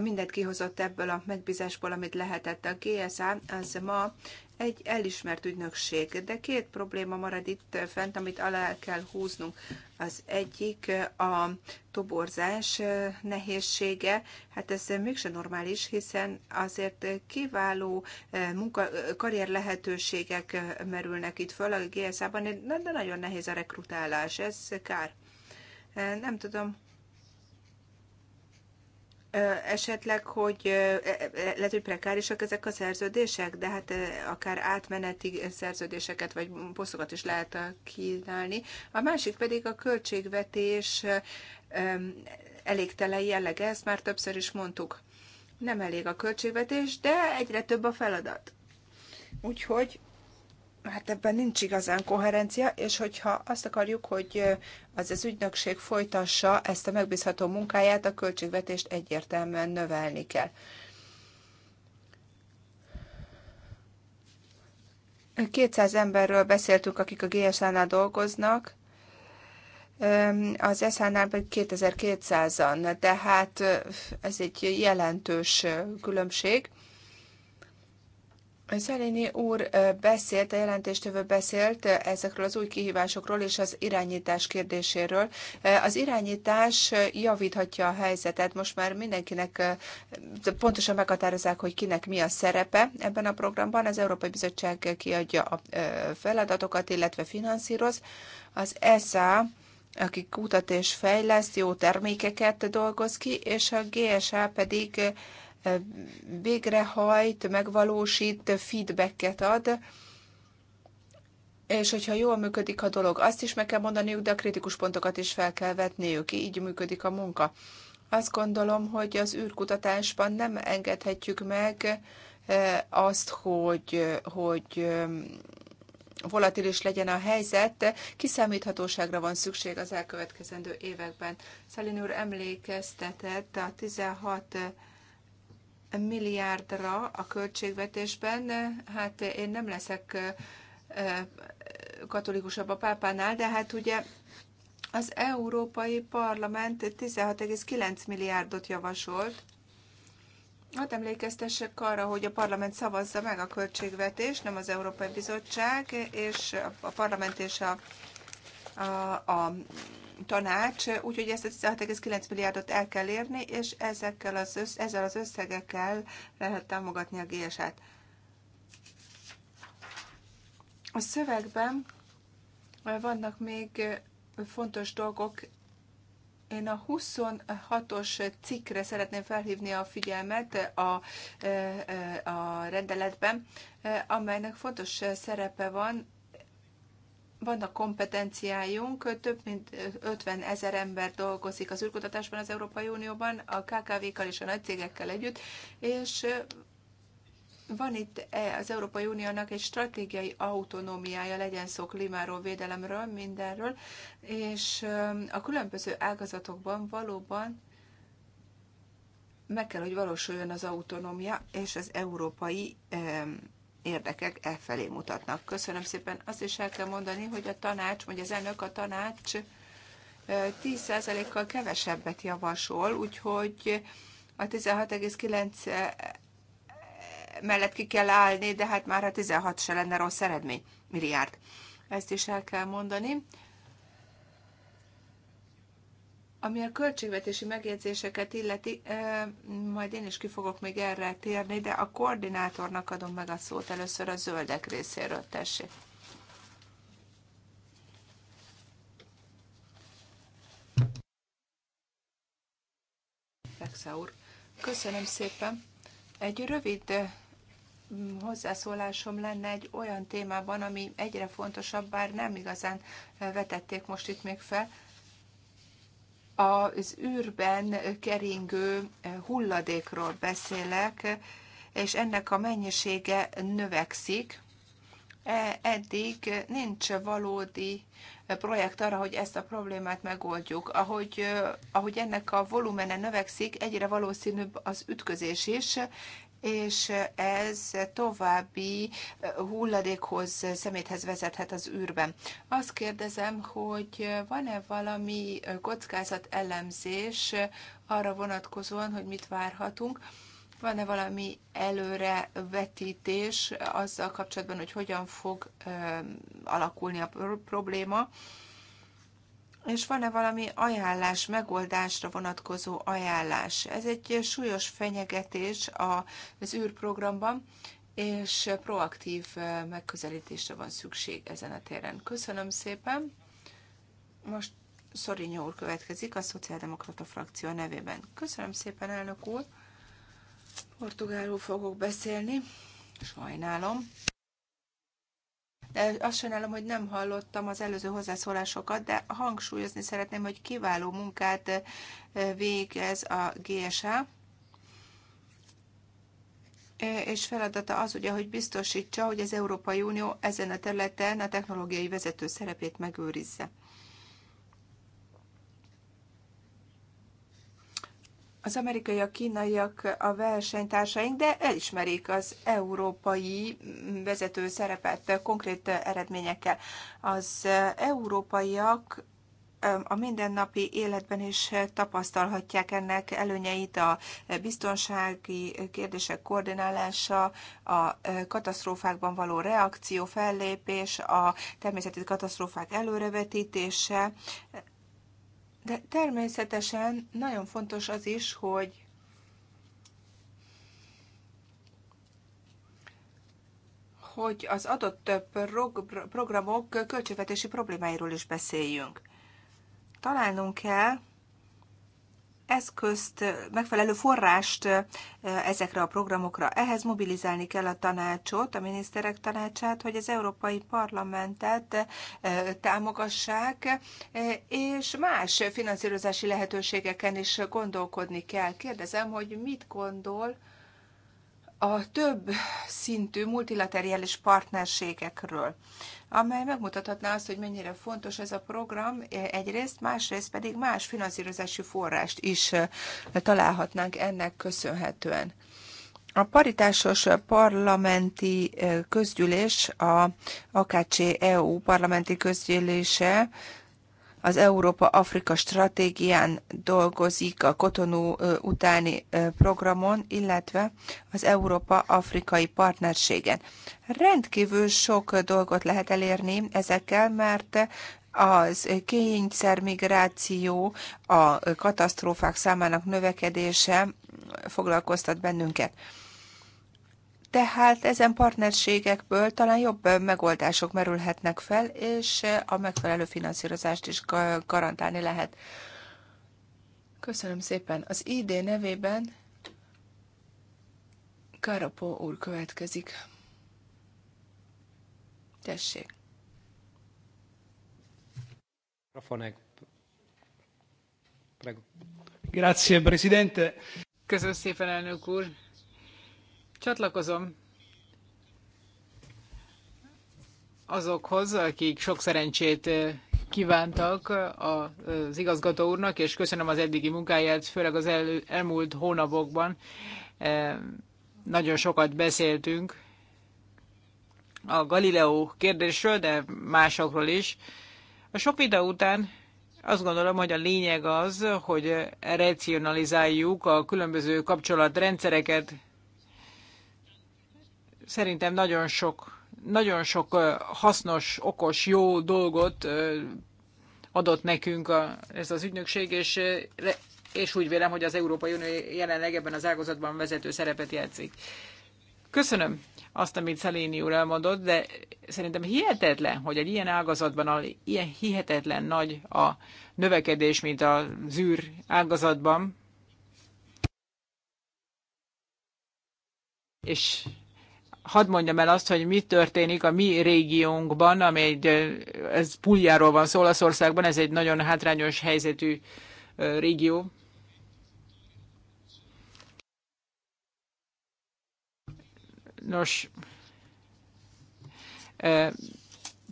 mindent kihozott ebből a megbízásból, amit lehetett. A GSA az ma egy elismert ügynökség, de két probléma marad itt fent, amit alá kell húznunk. Az egyik a toborzás nehézsége, hát ez mégse normális, hiszen azért kiváló eh, munka, eh, karrier lehetőségek merülnek itt föl a gsa ban de nagyon nehéz a rekrutálás, ez kár. Nem tudom, esetleg, hogy e, e, lehet, hogy prekárisak ezek a szerződések, de hát akár átmeneti szerződéseket vagy poszokat is lehet kínálni. A másik pedig a költségvetés elégtelen jellege, ezt már többször is mondtuk. Nem elég a költségvetés, de egyre több a feladat. Úgyhogy hát ebben nincs igazán koherencia, és hogyha azt akarjuk, hogy az az ügynökség folytassa ezt a megbízható munkáját, a költségvetést egyértelműen növelni kell. Kétszáz emberről beszéltünk, akik a GSA-nál dolgoznak, az SZ-nál pedig 2200-an, tehát ez egy jelentős különbség Szelini úr beszélt, a jelentéstövő beszélt ezekről az új kihívásokról és az irányítás kérdéséről. Az irányítás javíthatja a helyzetet. Most már mindenkinek pontosan meghatározzák, hogy kinek mi a szerepe ebben a programban. Az Európai Bizottság kiadja a feladatokat, illetve finanszíroz. Az ESA aki kutat és fejleszt, jó termékeket dolgoz ki, és a GSA pedig végrehajt, megvalósít, feedbacket ad, és hogyha jól működik a dolog, azt is meg kell mondaniuk, de a kritikus pontokat is fel kell vetniük. Így működik a munka. Azt gondolom, hogy az űrkutatásban nem engedhetjük meg e, azt, hogy, hogy e, volatilis legyen a helyzet, kiszámíthatóságra van szükség az elkövetkezendő években. Szelin úr emlékeztetett a 16 milliárdra a költségvetésben. Hát én nem leszek katolikusabb a pápánál, de hát ugye az Európai Parlament 16,9 milliárdot javasolt. Hát emlékeztessek arra, hogy a parlament szavazza meg a költségvetést, nem az Európai Bizottság, és a parlament és a, a, a tanács, úgyhogy ezt a 16,9 milliárdot el kell érni, és ezekkel az össz, ezzel az összegekkel lehet támogatni a GSA-t. A szövegben eh, vannak még eh, fontos dolgok. Én a 26-os cikkre szeretném felhívni a figyelmet eh, a, a rendeletben, amelynek fontos szerepe van vannak kompetenciájunk, több mint 50 ezer ember dolgozik az űrkutatásban az Európai Unióban, a KKV-kkal és a nagy cégekkel együtt, és van itt e, az Európai Uniónak egy stratégiai autonómiája, legyen szó klímáról, védelemről, mindenről, és a különböző ágazatokban valóban meg kell, hogy valósuljon az autonómia és az európai érdekek e felé mutatnak. Köszönöm szépen. Azt is el kell mondani, hogy a tanács, vagy az elnök a tanács 10%-kal kevesebbet javasol, úgyhogy a 16,9 mellett ki kell állni, de hát már a 16 se lenne rossz eredmény, milliárd. Ezt is el kell mondani. Ami a költségvetési megjegyzéseket illeti, majd én is ki fogok még erre térni, de a koordinátornak adom meg a szót először a zöldek részéről, tessék. úr, köszönöm szépen. Egy rövid hozzászólásom lenne egy olyan témában, ami egyre fontosabb, bár nem igazán vetették most itt még fel, az űrben keringő hulladékról beszélek, és ennek a mennyisége növekszik. E, eddig nincs valódi projekt arra, hogy ezt a problémát megoldjuk. Ahogy, ahogy ennek a volumene növekszik, egyre valószínűbb az ütközés is, és ez további hulladékhoz, szeméthez vezethet az űrben. Azt kérdezem, hogy van-e valami kockázat elemzés arra vonatkozóan, hogy mit várhatunk, van-e valami előrevetítés azzal kapcsolatban, hogy hogyan fog alakulni a probléma, és van-e valami ajánlás, megoldásra vonatkozó ajánlás? Ez egy súlyos fenyegetés az űrprogramban, és proaktív megközelítésre van szükség ezen a téren. Köszönöm szépen. Most Szorinyó úr következik a Szociáldemokrata frakció nevében. Köszönöm szépen, elnök úr. Portugálul fogok beszélni. Sajnálom de azt sajnálom, hogy nem hallottam az előző hozzászólásokat, de hangsúlyozni szeretném, hogy kiváló munkát eh, végez a GSA, eh, és feladata az ugye, hogy biztosítsa, hogy az Európai Unió ezen a területen a technológiai vezető szerepét megőrizze. az amerikaiak, kínaiak a versenytársaink, de elismerik az európai mm, vezető szerepet konkrét eredményekkel. Az európaiak mm, a mindennapi életben is tapasztalhatják ennek előnyeit, a biztonsági kérdések koordinálása, a katasztrófákban való reakció, fellépés, a természeti katasztrófák előrevetítése, de természetesen nagyon fontos az is, hogy hogy az adott programok költségvetési problémáiról is beszéljünk. Találnunk kell eszközt, megfelelő forrást ezekre a programokra. Ehhez mobilizálni kell a tanácsot, a miniszterek tanácsát, hogy az Európai Parlamentet támogassák, és más finanszírozási lehetőségeken is gondolkodni kell. Kérdezem, hogy mit gondol a több szintű multilaterális partnerségekről amely megmutathatná azt, hogy mennyire fontos ez a program e, egyrészt, másrészt pedig más finanszírozási forrást is e, találhatnánk ennek köszönhetően. A paritásos parlamenti e, közgyűlés, a AKC EU parlamenti közgyűlése az Európa-Afrika stratégián dolgozik, a Kotonú utáni programon, illetve az Európa-Afrikai partnerségen. Rendkívül sok dolgot lehet elérni ezekkel, mert az kényszermigráció, a katasztrófák számának növekedése foglalkoztat bennünket. Tehát ezen partnerségekből talán jobb megoldások merülhetnek fel, és a megfelelő finanszírozást is garantálni lehet. Köszönöm szépen. Az ID nevében Karapó úr következik. Tessék. Grazie, Presidente. Köszönöm szépen, elnök úr. Csatlakozom azokhoz, akik sok szerencsét kívántak az igazgató úrnak, és köszönöm az eddigi munkáját, főleg az el, elmúlt hónapokban. Nagyon sokat beszéltünk a Galileo kérdésről, de másokról is. A sok videó után azt gondolom, hogy a lényeg az, hogy racionalizáljuk a különböző kapcsolatrendszereket, szerintem nagyon sok, nagyon sok hasznos, okos, jó dolgot adott nekünk a, ez az ügynökség, és, és úgy vélem, hogy az Európai Unió jelenleg ebben az ágazatban vezető szerepet játszik. Köszönöm azt, amit Szeléni úr elmondott, de szerintem hihetetlen, hogy egy ilyen ágazatban a, ilyen hihetetlen nagy a növekedés, mint a zűr ágazatban, és hadd mondjam el azt, hogy mi történik a mi régiónkban, amely egy, ez Puljáról van szó, Olaszországban, ez egy nagyon hátrányos helyzetű régió. Nos,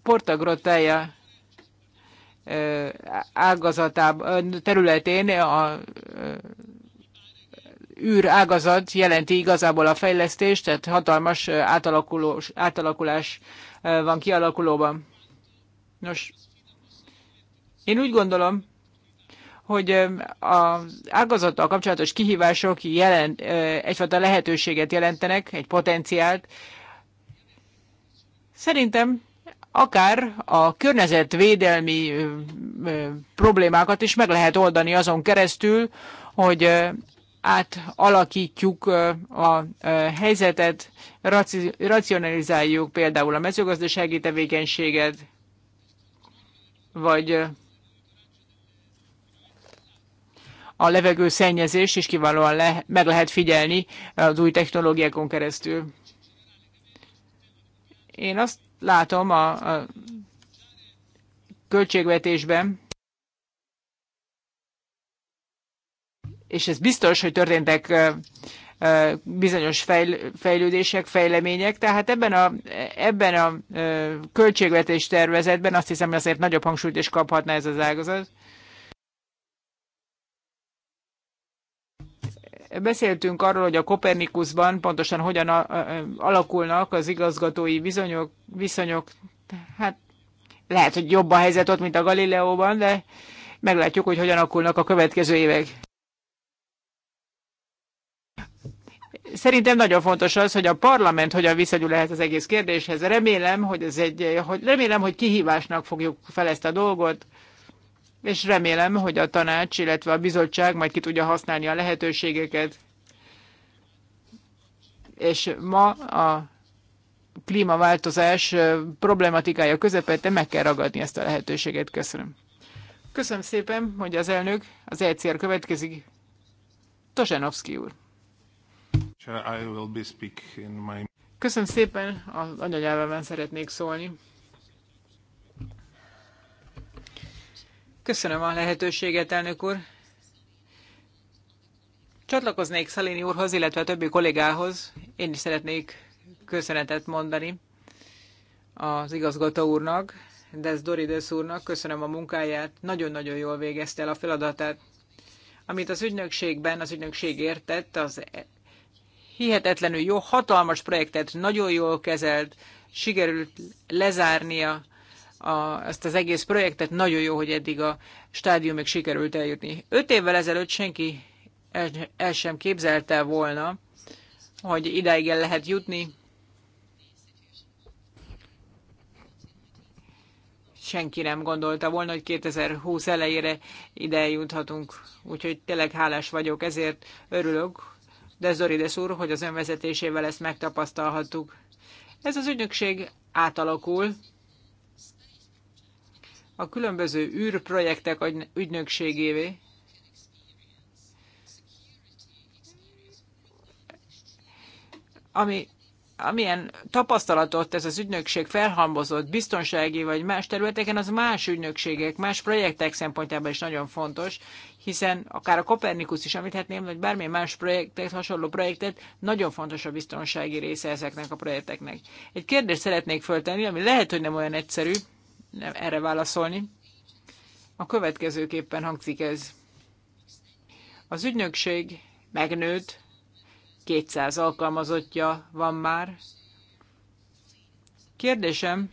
Porta Grotája ágazatában, területén a űrágazat jelenti igazából a fejlesztést, tehát hatalmas átalakulás van kialakulóban. Nos, én úgy gondolom, hogy az ágazattal kapcsolatos kihívások jelent, egyfajta lehetőséget jelentenek, egy potenciált. Szerintem akár a környezetvédelmi problémákat is meg lehet oldani azon keresztül, hogy átalakítjuk a helyzetet, racionalizáljuk például a mezőgazdasági tevékenységet, vagy a levegő szennyezést is kiválóan le, meg lehet figyelni az új technológiákon keresztül. Én azt látom a, a költségvetésben, és ez biztos, hogy történtek bizonyos fejlődések, fejlemények, tehát ebben a, ebben a költségvetés tervezetben azt hiszem, hogy azért nagyobb hangsúlyt is kaphatna ez az ágazat. Beszéltünk arról, hogy a Kopernikusban pontosan hogyan alakulnak az igazgatói viszonyok, viszonyok. Hát lehet, hogy jobb a helyzet ott, mint a Galileóban, de meglátjuk, hogy hogyan alakulnak a következő évek. Szerintem nagyon fontos az, hogy a parlament hogyan viszonyul ehhez az egész kérdéshez. Remélem, hogy, ez egy, hogy, remélem, hogy kihívásnak fogjuk fel ezt a dolgot, és remélem, hogy a tanács, illetve a bizottság majd ki tudja használni a lehetőségeket. És ma a klímaváltozás problematikája közepette meg kell ragadni ezt a lehetőséget. Köszönöm. Köszönöm szépen, hogy az elnök, az ECR következik. Tosenovszki úr. Köszönöm szépen, az anyanyelvemen szeretnék szólni. Köszönöm a lehetőséget, elnök úr. Csatlakoznék szalini úrhoz, illetve a többi kollégához. Én is szeretnék köszönetet mondani az igazgató úrnak, Des Doridesz úrnak. Köszönöm a munkáját. Nagyon-nagyon jól végezte el a feladatát. Amit az ügynökségben az ügynökség értett, az hihetetlenül jó, hatalmas projektet nagyon jól kezelt, sikerült lezárnia a, ezt az egész projektet, nagyon jó, hogy eddig a stádiumig sikerült eljutni. Öt évvel ezelőtt senki el, el sem képzelte volna, hogy ideig el lehet jutni. Senki nem gondolta volna, hogy 2020 elejére ide juthatunk. Úgyhogy tényleg hálás vagyok, ezért örülök, Dezorides úr, hogy az önvezetésével ezt megtapasztalhattuk. Ez az ügynökség átalakul. A különböző űrprojektek ügynökségévé, ami amilyen tapasztalatot ez az ügynökség felhalmozott biztonsági vagy más területeken, az más ügynökségek, más projektek szempontjából is nagyon fontos, hiszen akár a Kopernikus is említhetném, vagy bármilyen más projektet, hasonló projektet, nagyon fontos a biztonsági része ezeknek a projekteknek. Egy kérdést szeretnék föltenni, ami lehet, hogy nem olyan egyszerű nem erre válaszolni. A következőképpen hangzik ez. Az ügynökség megnőtt 200 alkalmazottja van már. Kérdésem,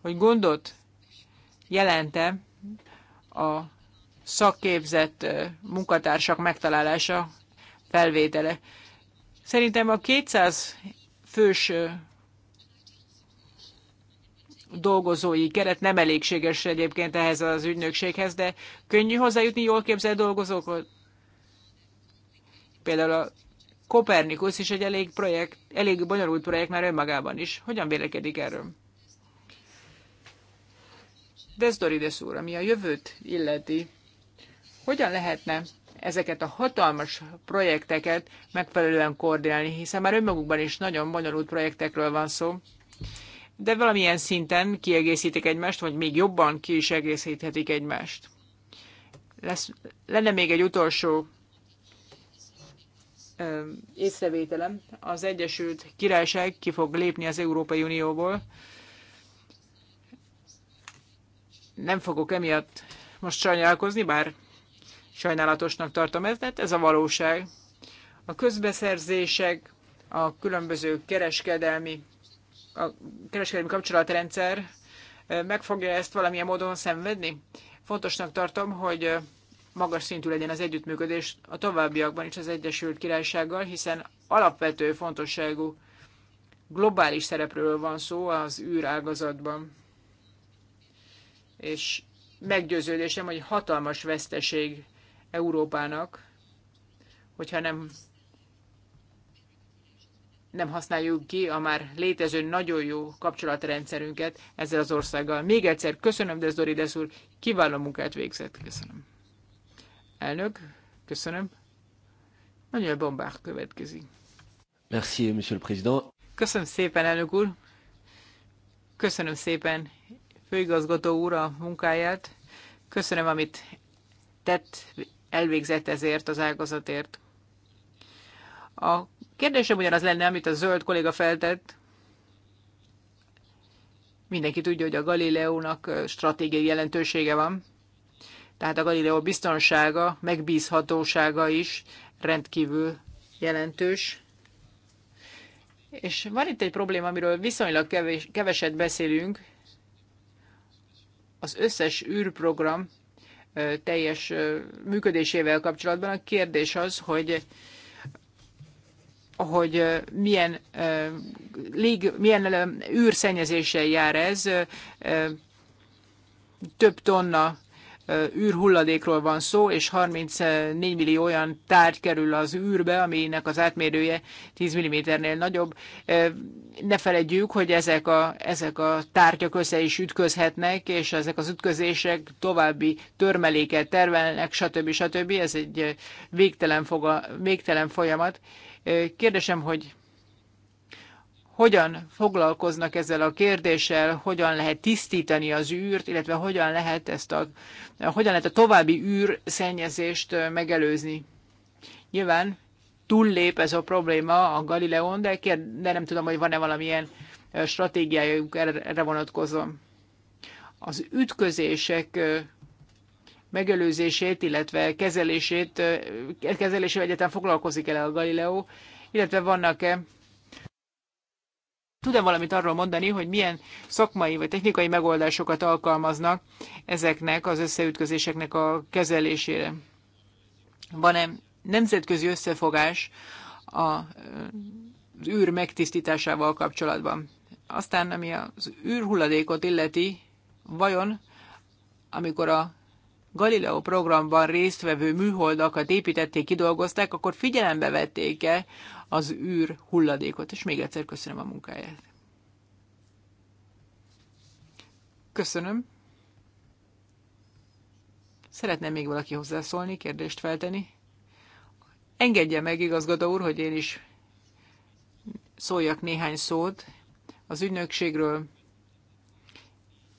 hogy gondot jelente a szakképzett munkatársak megtalálása, felvétele. Szerintem a 200 fős dolgozói keret nem elégséges egyébként ehhez az ügynökséghez, de könnyű hozzájutni jól képzelt dolgozókhoz. Például a Kopernikus is egy elég, projekt, elég bonyolult projekt már önmagában is. Hogyan vélekedik erről? Desdorides úr, ami a jövőt illeti, hogyan lehetne ezeket a hatalmas projekteket megfelelően koordinálni, hiszen már önmagukban is nagyon bonyolult projektekről van szó, de valamilyen szinten kiegészítik egymást, vagy még jobban ki is egészíthetik egymást. Lesz, lenne még egy utolsó észrevételem, az Egyesült Királyság ki fog lépni az Európai Unióból. Nem fogok emiatt most sajnálkozni, bár sajnálatosnak tartom ezt, mert hát ez a valóság. A közbeszerzések, a különböző kereskedelmi, a kereskedelmi kapcsolatrendszer meg fogja ezt valamilyen módon szenvedni. Fontosnak tartom, hogy magas szintű legyen az együttműködés a továbbiakban is az Egyesült Királysággal, hiszen alapvető fontosságú globális szerepről van szó az űrágazatban. És meggyőződésem, hogy hatalmas veszteség Európának, hogyha nem, nem használjuk ki a már létező nagyon jó kapcsolatrendszerünket ezzel az országgal. Még egyszer köszönöm, Dezdori úr, kiváló munkát végzett. Köszönöm. Elnök, köszönöm. Manuel bombard következik. Merci, monsieur le président. Köszönöm szépen, elnök úr. Köszönöm szépen, főigazgató úr, a munkáját. Köszönöm, amit tett, elvégzett ezért az ágazatért. A kérdésem ugyanaz lenne, amit a zöld kolléga feltett. Mindenki tudja, hogy a Galileónak stratégiai jelentősége van. Tehát a Galileo biztonsága, megbízhatósága is rendkívül jelentős. És van itt egy probléma, amiről viszonylag kevés, keveset beszélünk. Az összes űrprogram teljes működésével kapcsolatban a kérdés az, hogy hogy milyen, lég, milyen űrszennyezéssel jár ez. Több tonna űrhulladékról van szó, és 34 millió olyan tárgy kerül az űrbe, aminek az átmérője 10 mm-nél nagyobb. Ne feledjük, hogy ezek a, ezek a tárgyak össze is ütközhetnek, és ezek az ütközések további törmeléket tervelnek, stb. stb. Ez egy végtelen, foga, végtelen folyamat. Kérdésem, hogy hogyan foglalkoznak ezzel a kérdéssel, hogyan lehet tisztítani az űrt, illetve hogyan lehet ezt a, hogyan lehet a további szennyezést megelőzni. Nyilván túllép ez a probléma a Galileon, de, kér, de nem tudom, hogy van-e valamilyen stratégiájuk erre vonatkozom. Az ütközések megelőzését, illetve kezelését, kezelésével egyetem foglalkozik el a Galileo, illetve vannak-e tud-e valamit arról mondani, hogy milyen szakmai vagy technikai megoldásokat alkalmaznak ezeknek az összeütközéseknek a kezelésére? Van-e nemzetközi összefogás a az űr megtisztításával kapcsolatban. Aztán, ami az űrhulladékot illeti, vajon amikor a Galileo programban résztvevő műholdakat építették, kidolgozták, akkor figyelembe vették-e az űr hulladékot, és még egyszer köszönöm a munkáját. Köszönöm. Szeretne még valaki hozzászólni, kérdést feltenni? Engedje meg, igazgató úr, hogy én is szóljak néhány szót az ügynökségről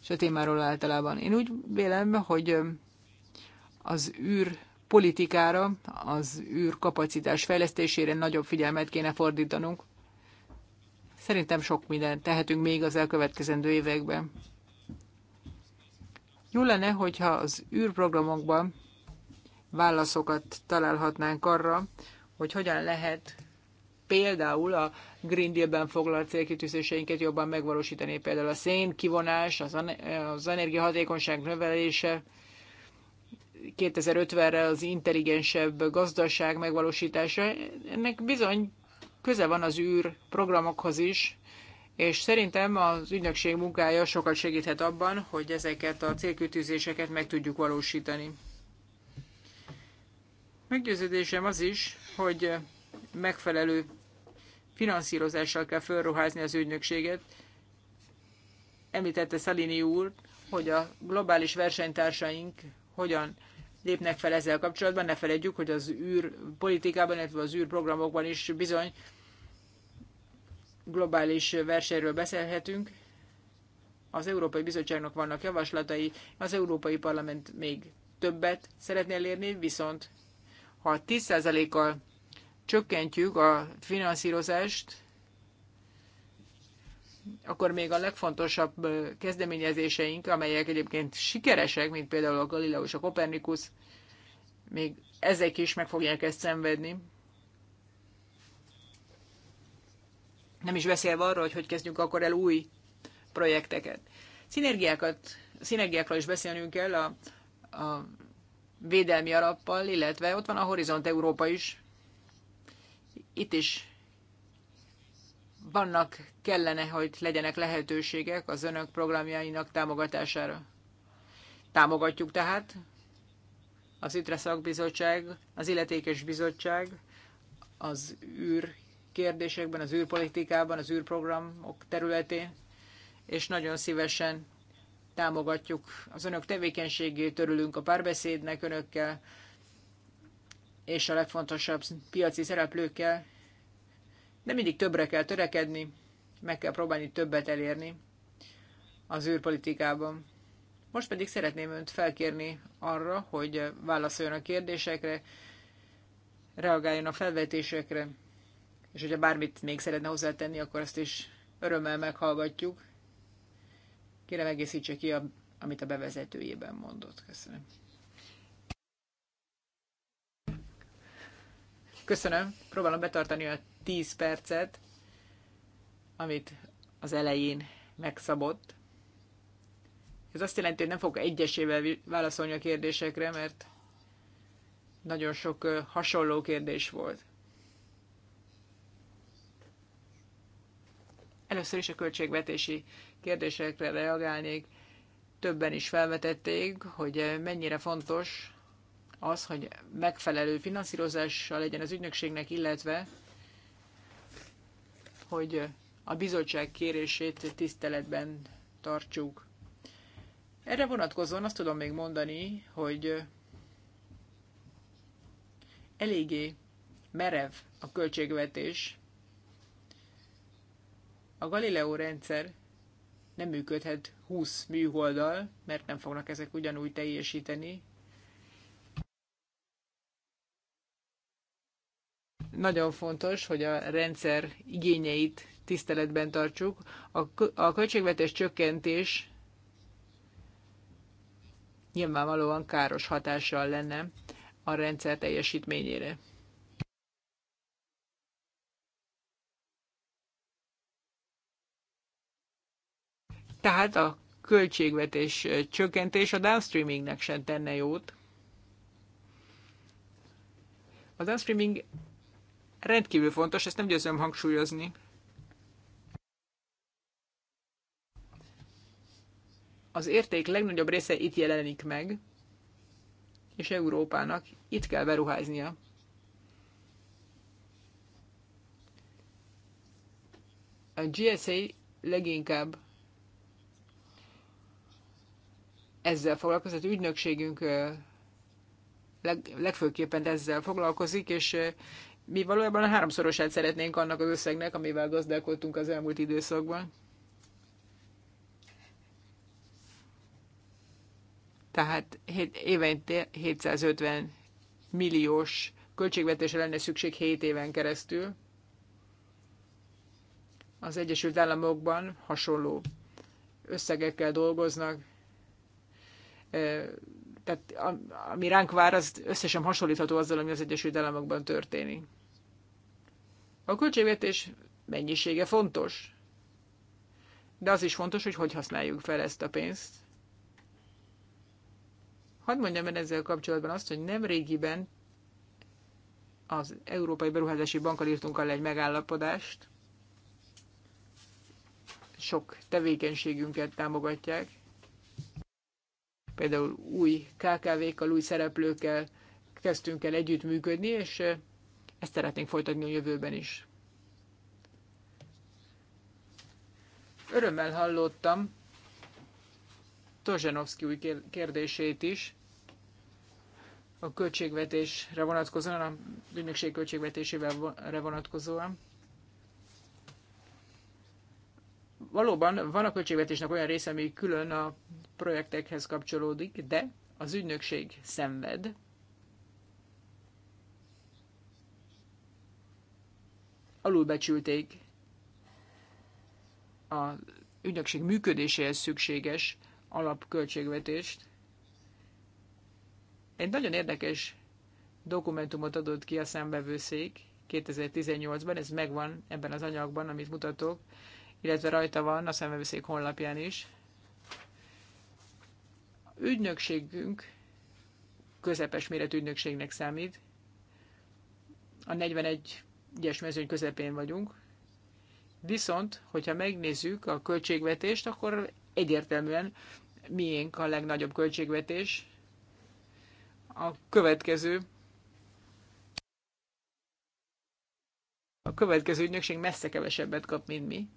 és a témáról általában. Én úgy vélem, hogy az űr politikára, az űrkapacitás fejlesztésére nagyobb figyelmet kéne fordítanunk. Szerintem sok mindent tehetünk még az elkövetkezendő években. Jó lenne, hogyha az űrprogramokban válaszokat találhatnánk arra, hogy hogyan lehet például a Green Deal-ben foglalt célkitűzéseinket jobban megvalósítani, például a szén kivonás, az, az energiahatékonyság növelése, 2050-re az intelligensebb gazdaság megvalósítása, ennek bizony köze van az űr programokhoz is, és szerintem az ügynökség munkája sokat segíthet abban, hogy ezeket a célkütőzéseket meg tudjuk valósítani. Meggyőződésem az is, hogy megfelelő finanszírozással kell felruházni az ügynökséget. Említette Szalini úr, hogy a globális versenytársaink hogyan lépnek fel ezzel kapcsolatban. Ne felejtjük, hogy az űr politikában, illetve az programokban is bizony globális versenyről beszélhetünk. Az Európai Bizottságnak vannak javaslatai, az Európai Parlament még többet szeretné elérni, viszont ha 10%-kal csökkentjük a finanszírozást, akkor még a legfontosabb kezdeményezéseink, amelyek egyébként sikeresek, mint például a Galileo és a Kopernikus, még ezek is meg fogják ezt szenvedni. Nem is beszélve arról, hogy hogy kezdjünk akkor el új projekteket. Szinergiákat, szinergiákról is beszélnünk kell a, a védelmi alappal, illetve ott van a Horizont Európa is. Itt is vannak, kellene, hogy legyenek lehetőségek az önök programjainak támogatására. Támogatjuk tehát az ITRE szakbizottság, az illetékes bizottság az űr kérdésekben, az űrpolitikában, az űrprogramok területén, és nagyon szívesen támogatjuk az önök tevékenységét, örülünk a párbeszédnek önökkel, és a legfontosabb piaci szereplőkkel, de mindig többre kell törekedni, meg kell próbálni többet elérni az űrpolitikában. Most pedig szeretném önt felkérni arra, hogy válaszoljon a kérdésekre, reagáljon a felvetésekre, és hogyha bármit még szeretne hozzátenni, akkor azt is örömmel meghallgatjuk. Kérem egészítse ki, a, amit a bevezetőjében mondott. Köszönöm. Köszönöm, próbálom betartani a 10 percet, amit az elején megszabott. Ez azt jelenti, hogy nem fogok egyesével válaszolni a kérdésekre, mert nagyon sok hasonló kérdés volt. Először is a költségvetési kérdésekre reagálnék. Többen is felvetették, hogy mennyire fontos az, hogy megfelelő finanszírozással legyen az ügynökségnek, illetve hogy a bizottság kérését tiszteletben tartsuk. Erre vonatkozóan azt tudom még mondani, hogy eléggé merev a költségvetés. A Galileo rendszer nem működhet 20 műholdal, mert nem fognak ezek ugyanúgy teljesíteni, nagyon fontos, hogy a rendszer igényeit tiszteletben tartsuk. A, a költségvetés csökkentés nyilvánvalóan káros hatással lenne a rendszer teljesítményére. Tehát a költségvetés csökkentés a downstreamingnek sem tenne jót. A downstreaming rendkívül fontos, ezt nem győzöm hangsúlyozni. Az érték legnagyobb része itt jelenik meg, és Európának itt kell beruháznia. A GSA leginkább ezzel foglalkozott, ügynökségünk legfőképpen ezzel foglalkozik, és mi valójában a háromszorosát szeretnénk annak az összegnek, amivel gazdálkodtunk az elmúlt időszakban. Tehát évente 750 milliós költségvetésre lenne szükség 7 éven keresztül. Az Egyesült Államokban hasonló összegekkel dolgoznak, eh, tehát ami ránk vár, az összesen hasonlítható azzal, ami az Egyesült Államokban történik. A költségvetés mennyisége fontos, de az is fontos, hogy hogy használjuk fel ezt a pénzt. Hadd mondjam el ezzel kapcsolatban azt, hogy nem régiben az Európai Beruházási Bankkal írtunk alá egy megállapodást. Sok tevékenységünket támogatják például új KKV-kkal, új szereplőkkel kezdtünk el együttműködni, és ezt szeretnénk folytatni a jövőben is. Örömmel hallottam Tozsanovszki új kérdését is, a költségvetésre vonatkozóan, a ügynökség költségvetésével vonatkozóan. Valóban van a költségvetésnek olyan része, ami külön a projektekhez kapcsolódik, de az ügynökség szenved. Alulbecsülték a ügynökség működéséhez szükséges alapköltségvetést. Egy nagyon érdekes dokumentumot adott ki a szembevőszék 2018-ban, ez megvan ebben az anyagban, amit mutatok, illetve rajta van a szembevőszék honlapján is ügynökségünk közepes méretű ügynökségnek számít. A 41-es mezőny közepén vagyunk. Viszont, hogyha megnézzük a költségvetést, akkor egyértelműen miénk a legnagyobb költségvetés. A következő a következő ügynökség messze kevesebbet kap, mint mi.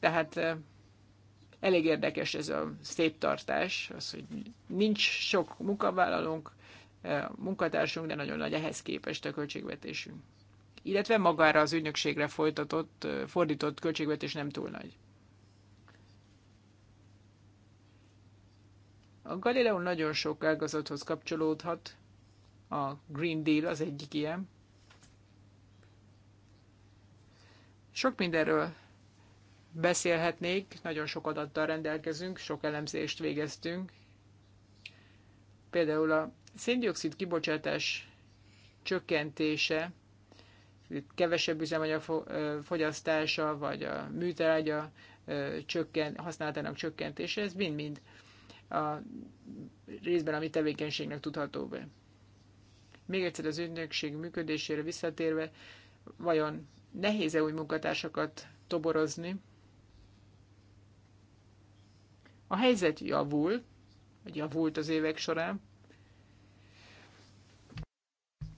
Tehát eh, Elég érdekes ez a szép tartás, az, hogy nincs sok munkavállalónk, eh, munkatársunk, de nagyon nagy ehhez képest a költségvetésünk. Illetve magára az ügynökségre folytatott, eh, fordított költségvetés nem túl nagy. A Galileo nagyon sok ágazathoz kapcsolódhat. A Green Deal az egyik ilyen. Sok mindenről beszélhetnék, nagyon sok adattal rendelkezünk, sok elemzést végeztünk. Például a széndiokszid kibocsátás csökkentése, kevesebb üzemanyag fogyasztása, vagy a műtrágya csökken, használatának csökkentése, ez mind-mind a részben a mi tevékenységnek tudható be. Még egyszer az ügynökség működésére visszatérve, vajon nehéz-e új munkatársakat toborozni? A helyzet javul, vagy javult az évek során.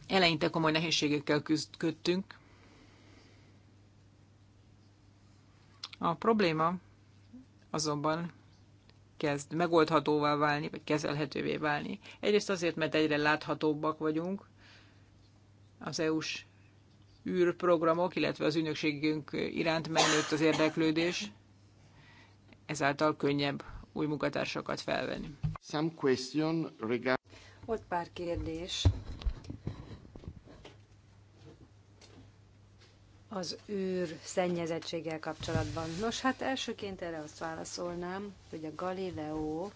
Eleinte komoly nehézségekkel küzdködtünk. A probléma azonban kezd megoldhatóvá válni, vagy kezelhetővé válni. Egyrészt azért, mert egyre láthatóbbak vagyunk, az EU-s űrprogramok, illetve az ügynökségünk iránt megnőtt az érdeklődés, ezáltal könnyebb új munkatársakat felvenni. Some question regard... Volt pár kérdés. Az űr szennyezettséggel kapcsolatban. Nos, hát elsőként erre azt válaszolnám, hogy a Galileo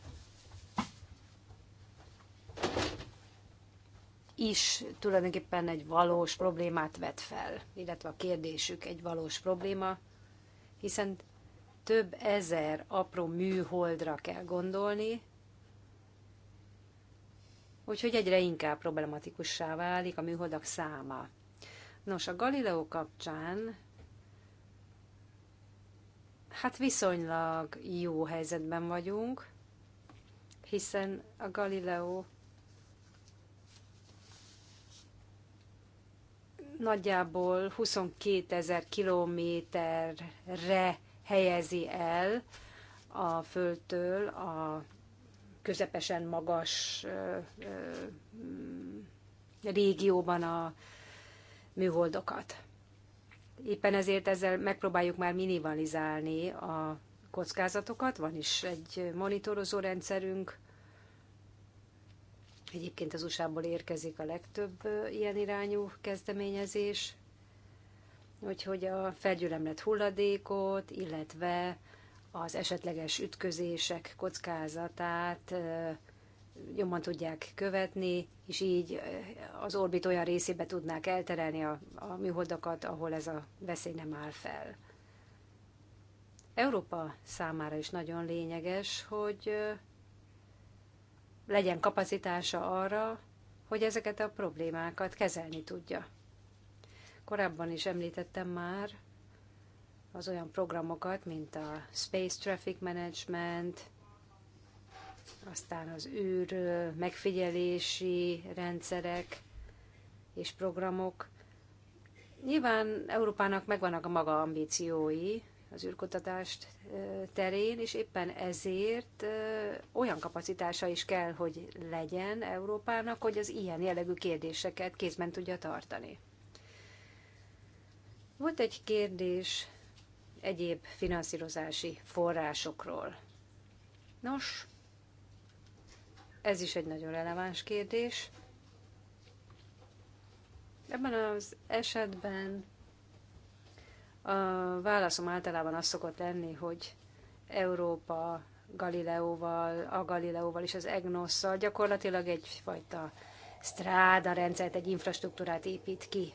is tulajdonképpen egy valós problémát vet fel, illetve a kérdésük egy valós probléma, hiszen több ezer apró műholdra kell gondolni, úgyhogy egyre inkább problematikussá válik a műholdak száma. Nos, a Galileo kapcsán hát viszonylag jó helyzetben vagyunk, hiszen a Galileo nagyjából 22 ezer kilométerre helyezi el a földtől a közepesen magas régióban a műholdokat. Éppen ezért ezzel megpróbáljuk már minimalizálni a kockázatokat. Van is egy monitorozó rendszerünk. Egyébként az USA-ból érkezik a legtöbb ilyen irányú kezdeményezés. Úgyhogy a felgyülemlett hulladékot, illetve az esetleges ütközések kockázatát jobban tudják követni, és így az orbit olyan részébe tudnák elterelni a, a műholdakat, ahol ez a veszély nem áll fel. Európa számára is nagyon lényeges, hogy legyen kapacitása arra, hogy ezeket a problémákat kezelni tudja. Korábban is említettem már az olyan programokat, mint a Space Traffic Management, aztán az űr megfigyelési rendszerek és programok. Nyilván Európának megvannak a maga ambíciói az űrkutatást terén, és éppen ezért olyan kapacitása is kell, hogy legyen Európának, hogy az ilyen jellegű kérdéseket kézben tudja tartani. Volt egy kérdés egyéb finanszírozási forrásokról. Nos, ez is egy nagyon releváns kérdés. Ebben az esetben a válaszom általában az szokott lenni, hogy Európa Galileóval, a Galileóval és az egnos gyakorlatilag egyfajta stráda rendszert, egy infrastruktúrát épít ki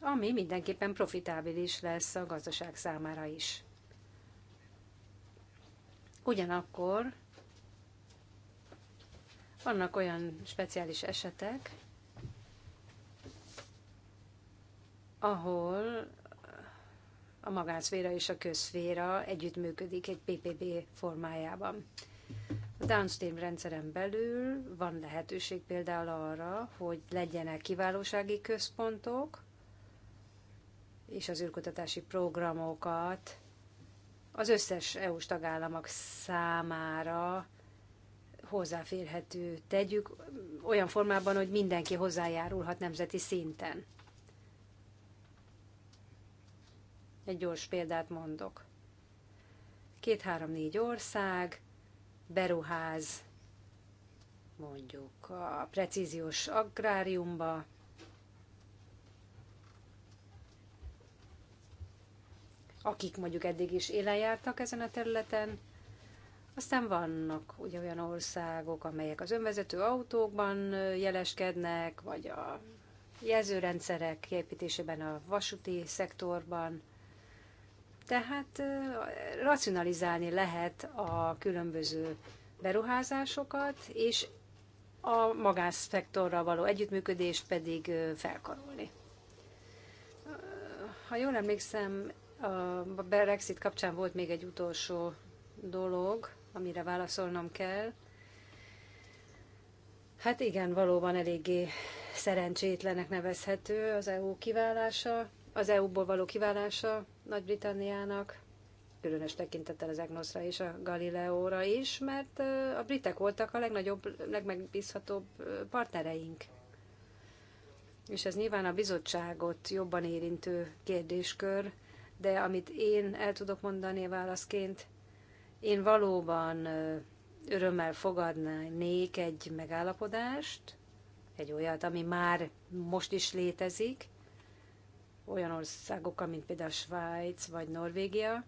ami mindenképpen profitábilis lesz a gazdaság számára is. Ugyanakkor vannak olyan speciális esetek, ahol a magánszféra és a közszféra együttműködik egy PPP formájában. A downstream rendszeren belül van lehetőség például arra, hogy legyenek kiválósági központok, és az űrkutatási programokat az összes EU-s tagállamok számára hozzáférhető tegyük, olyan formában, hogy mindenki hozzájárulhat nemzeti szinten. Egy gyors példát mondok. Két-három-négy ország beruház mondjuk a precíziós agráriumba, akik mondjuk eddig is élen jártak ezen a területen. Aztán vannak ugye olyan országok, amelyek az önvezető autókban jeleskednek, vagy a jelzőrendszerek kiépítésében a vasúti szektorban. Tehát racionalizálni lehet a különböző beruházásokat, és a magánszektorral való együttműködést pedig felkarolni. Ha jól emlékszem, a Brexit kapcsán volt még egy utolsó dolog, amire válaszolnom kell. Hát igen, valóban eléggé szerencsétlenek nevezhető az EU kiválása, az EU-ból való kiválása Nagy-Britanniának, különös tekintettel az Egnoszra és a Galileóra is, mert a britek voltak a legnagyobb, legmegbízhatóbb partnereink. És ez nyilván a bizottságot jobban érintő kérdéskör, de amit én el tudok mondani válaszként, én valóban örömmel fogadnék egy megállapodást, egy olyat, ami már most is létezik, olyan országok, mint például Svájc vagy Norvégia,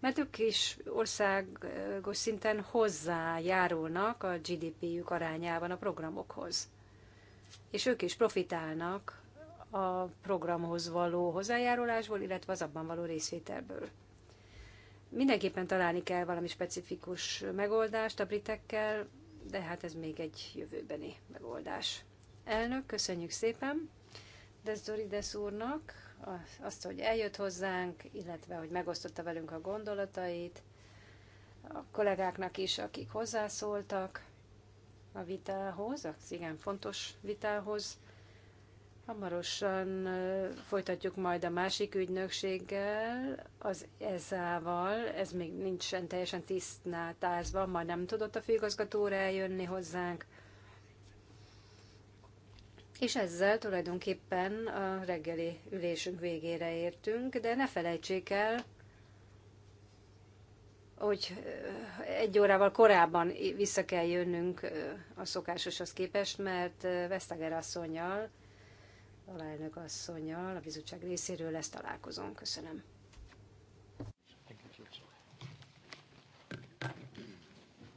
mert ők is országos szinten hozzájárulnak a GDP-jük arányában a programokhoz. És ők is profitálnak a programhoz való hozzájárulásból, illetve az abban való részvételből. Mindenképpen találni kell valami specifikus megoldást a britekkel, de hát ez még egy jövőbeni megoldás. Elnök, köszönjük szépen Desdorides úrnak azt, hogy eljött hozzánk, illetve hogy megosztotta velünk a gondolatait, a kollégáknak is, akik hozzászóltak a vitához, az igen fontos vitához. Hamarosan folytatjuk majd a másik ügynökséggel, az ezával. ez még nincsen teljesen tisztnátázva, ma nem tudott a főigazgatóra eljönni hozzánk. És ezzel tulajdonképpen a reggeli ülésünk végére értünk, de ne felejtsék el, hogy egy órával korábban vissza kell jönnünk a szokásoshoz képest, mert Vesztager asszonyjal alelnök asszonyjal a bizottság részéről lesz találkozón. Köszönöm.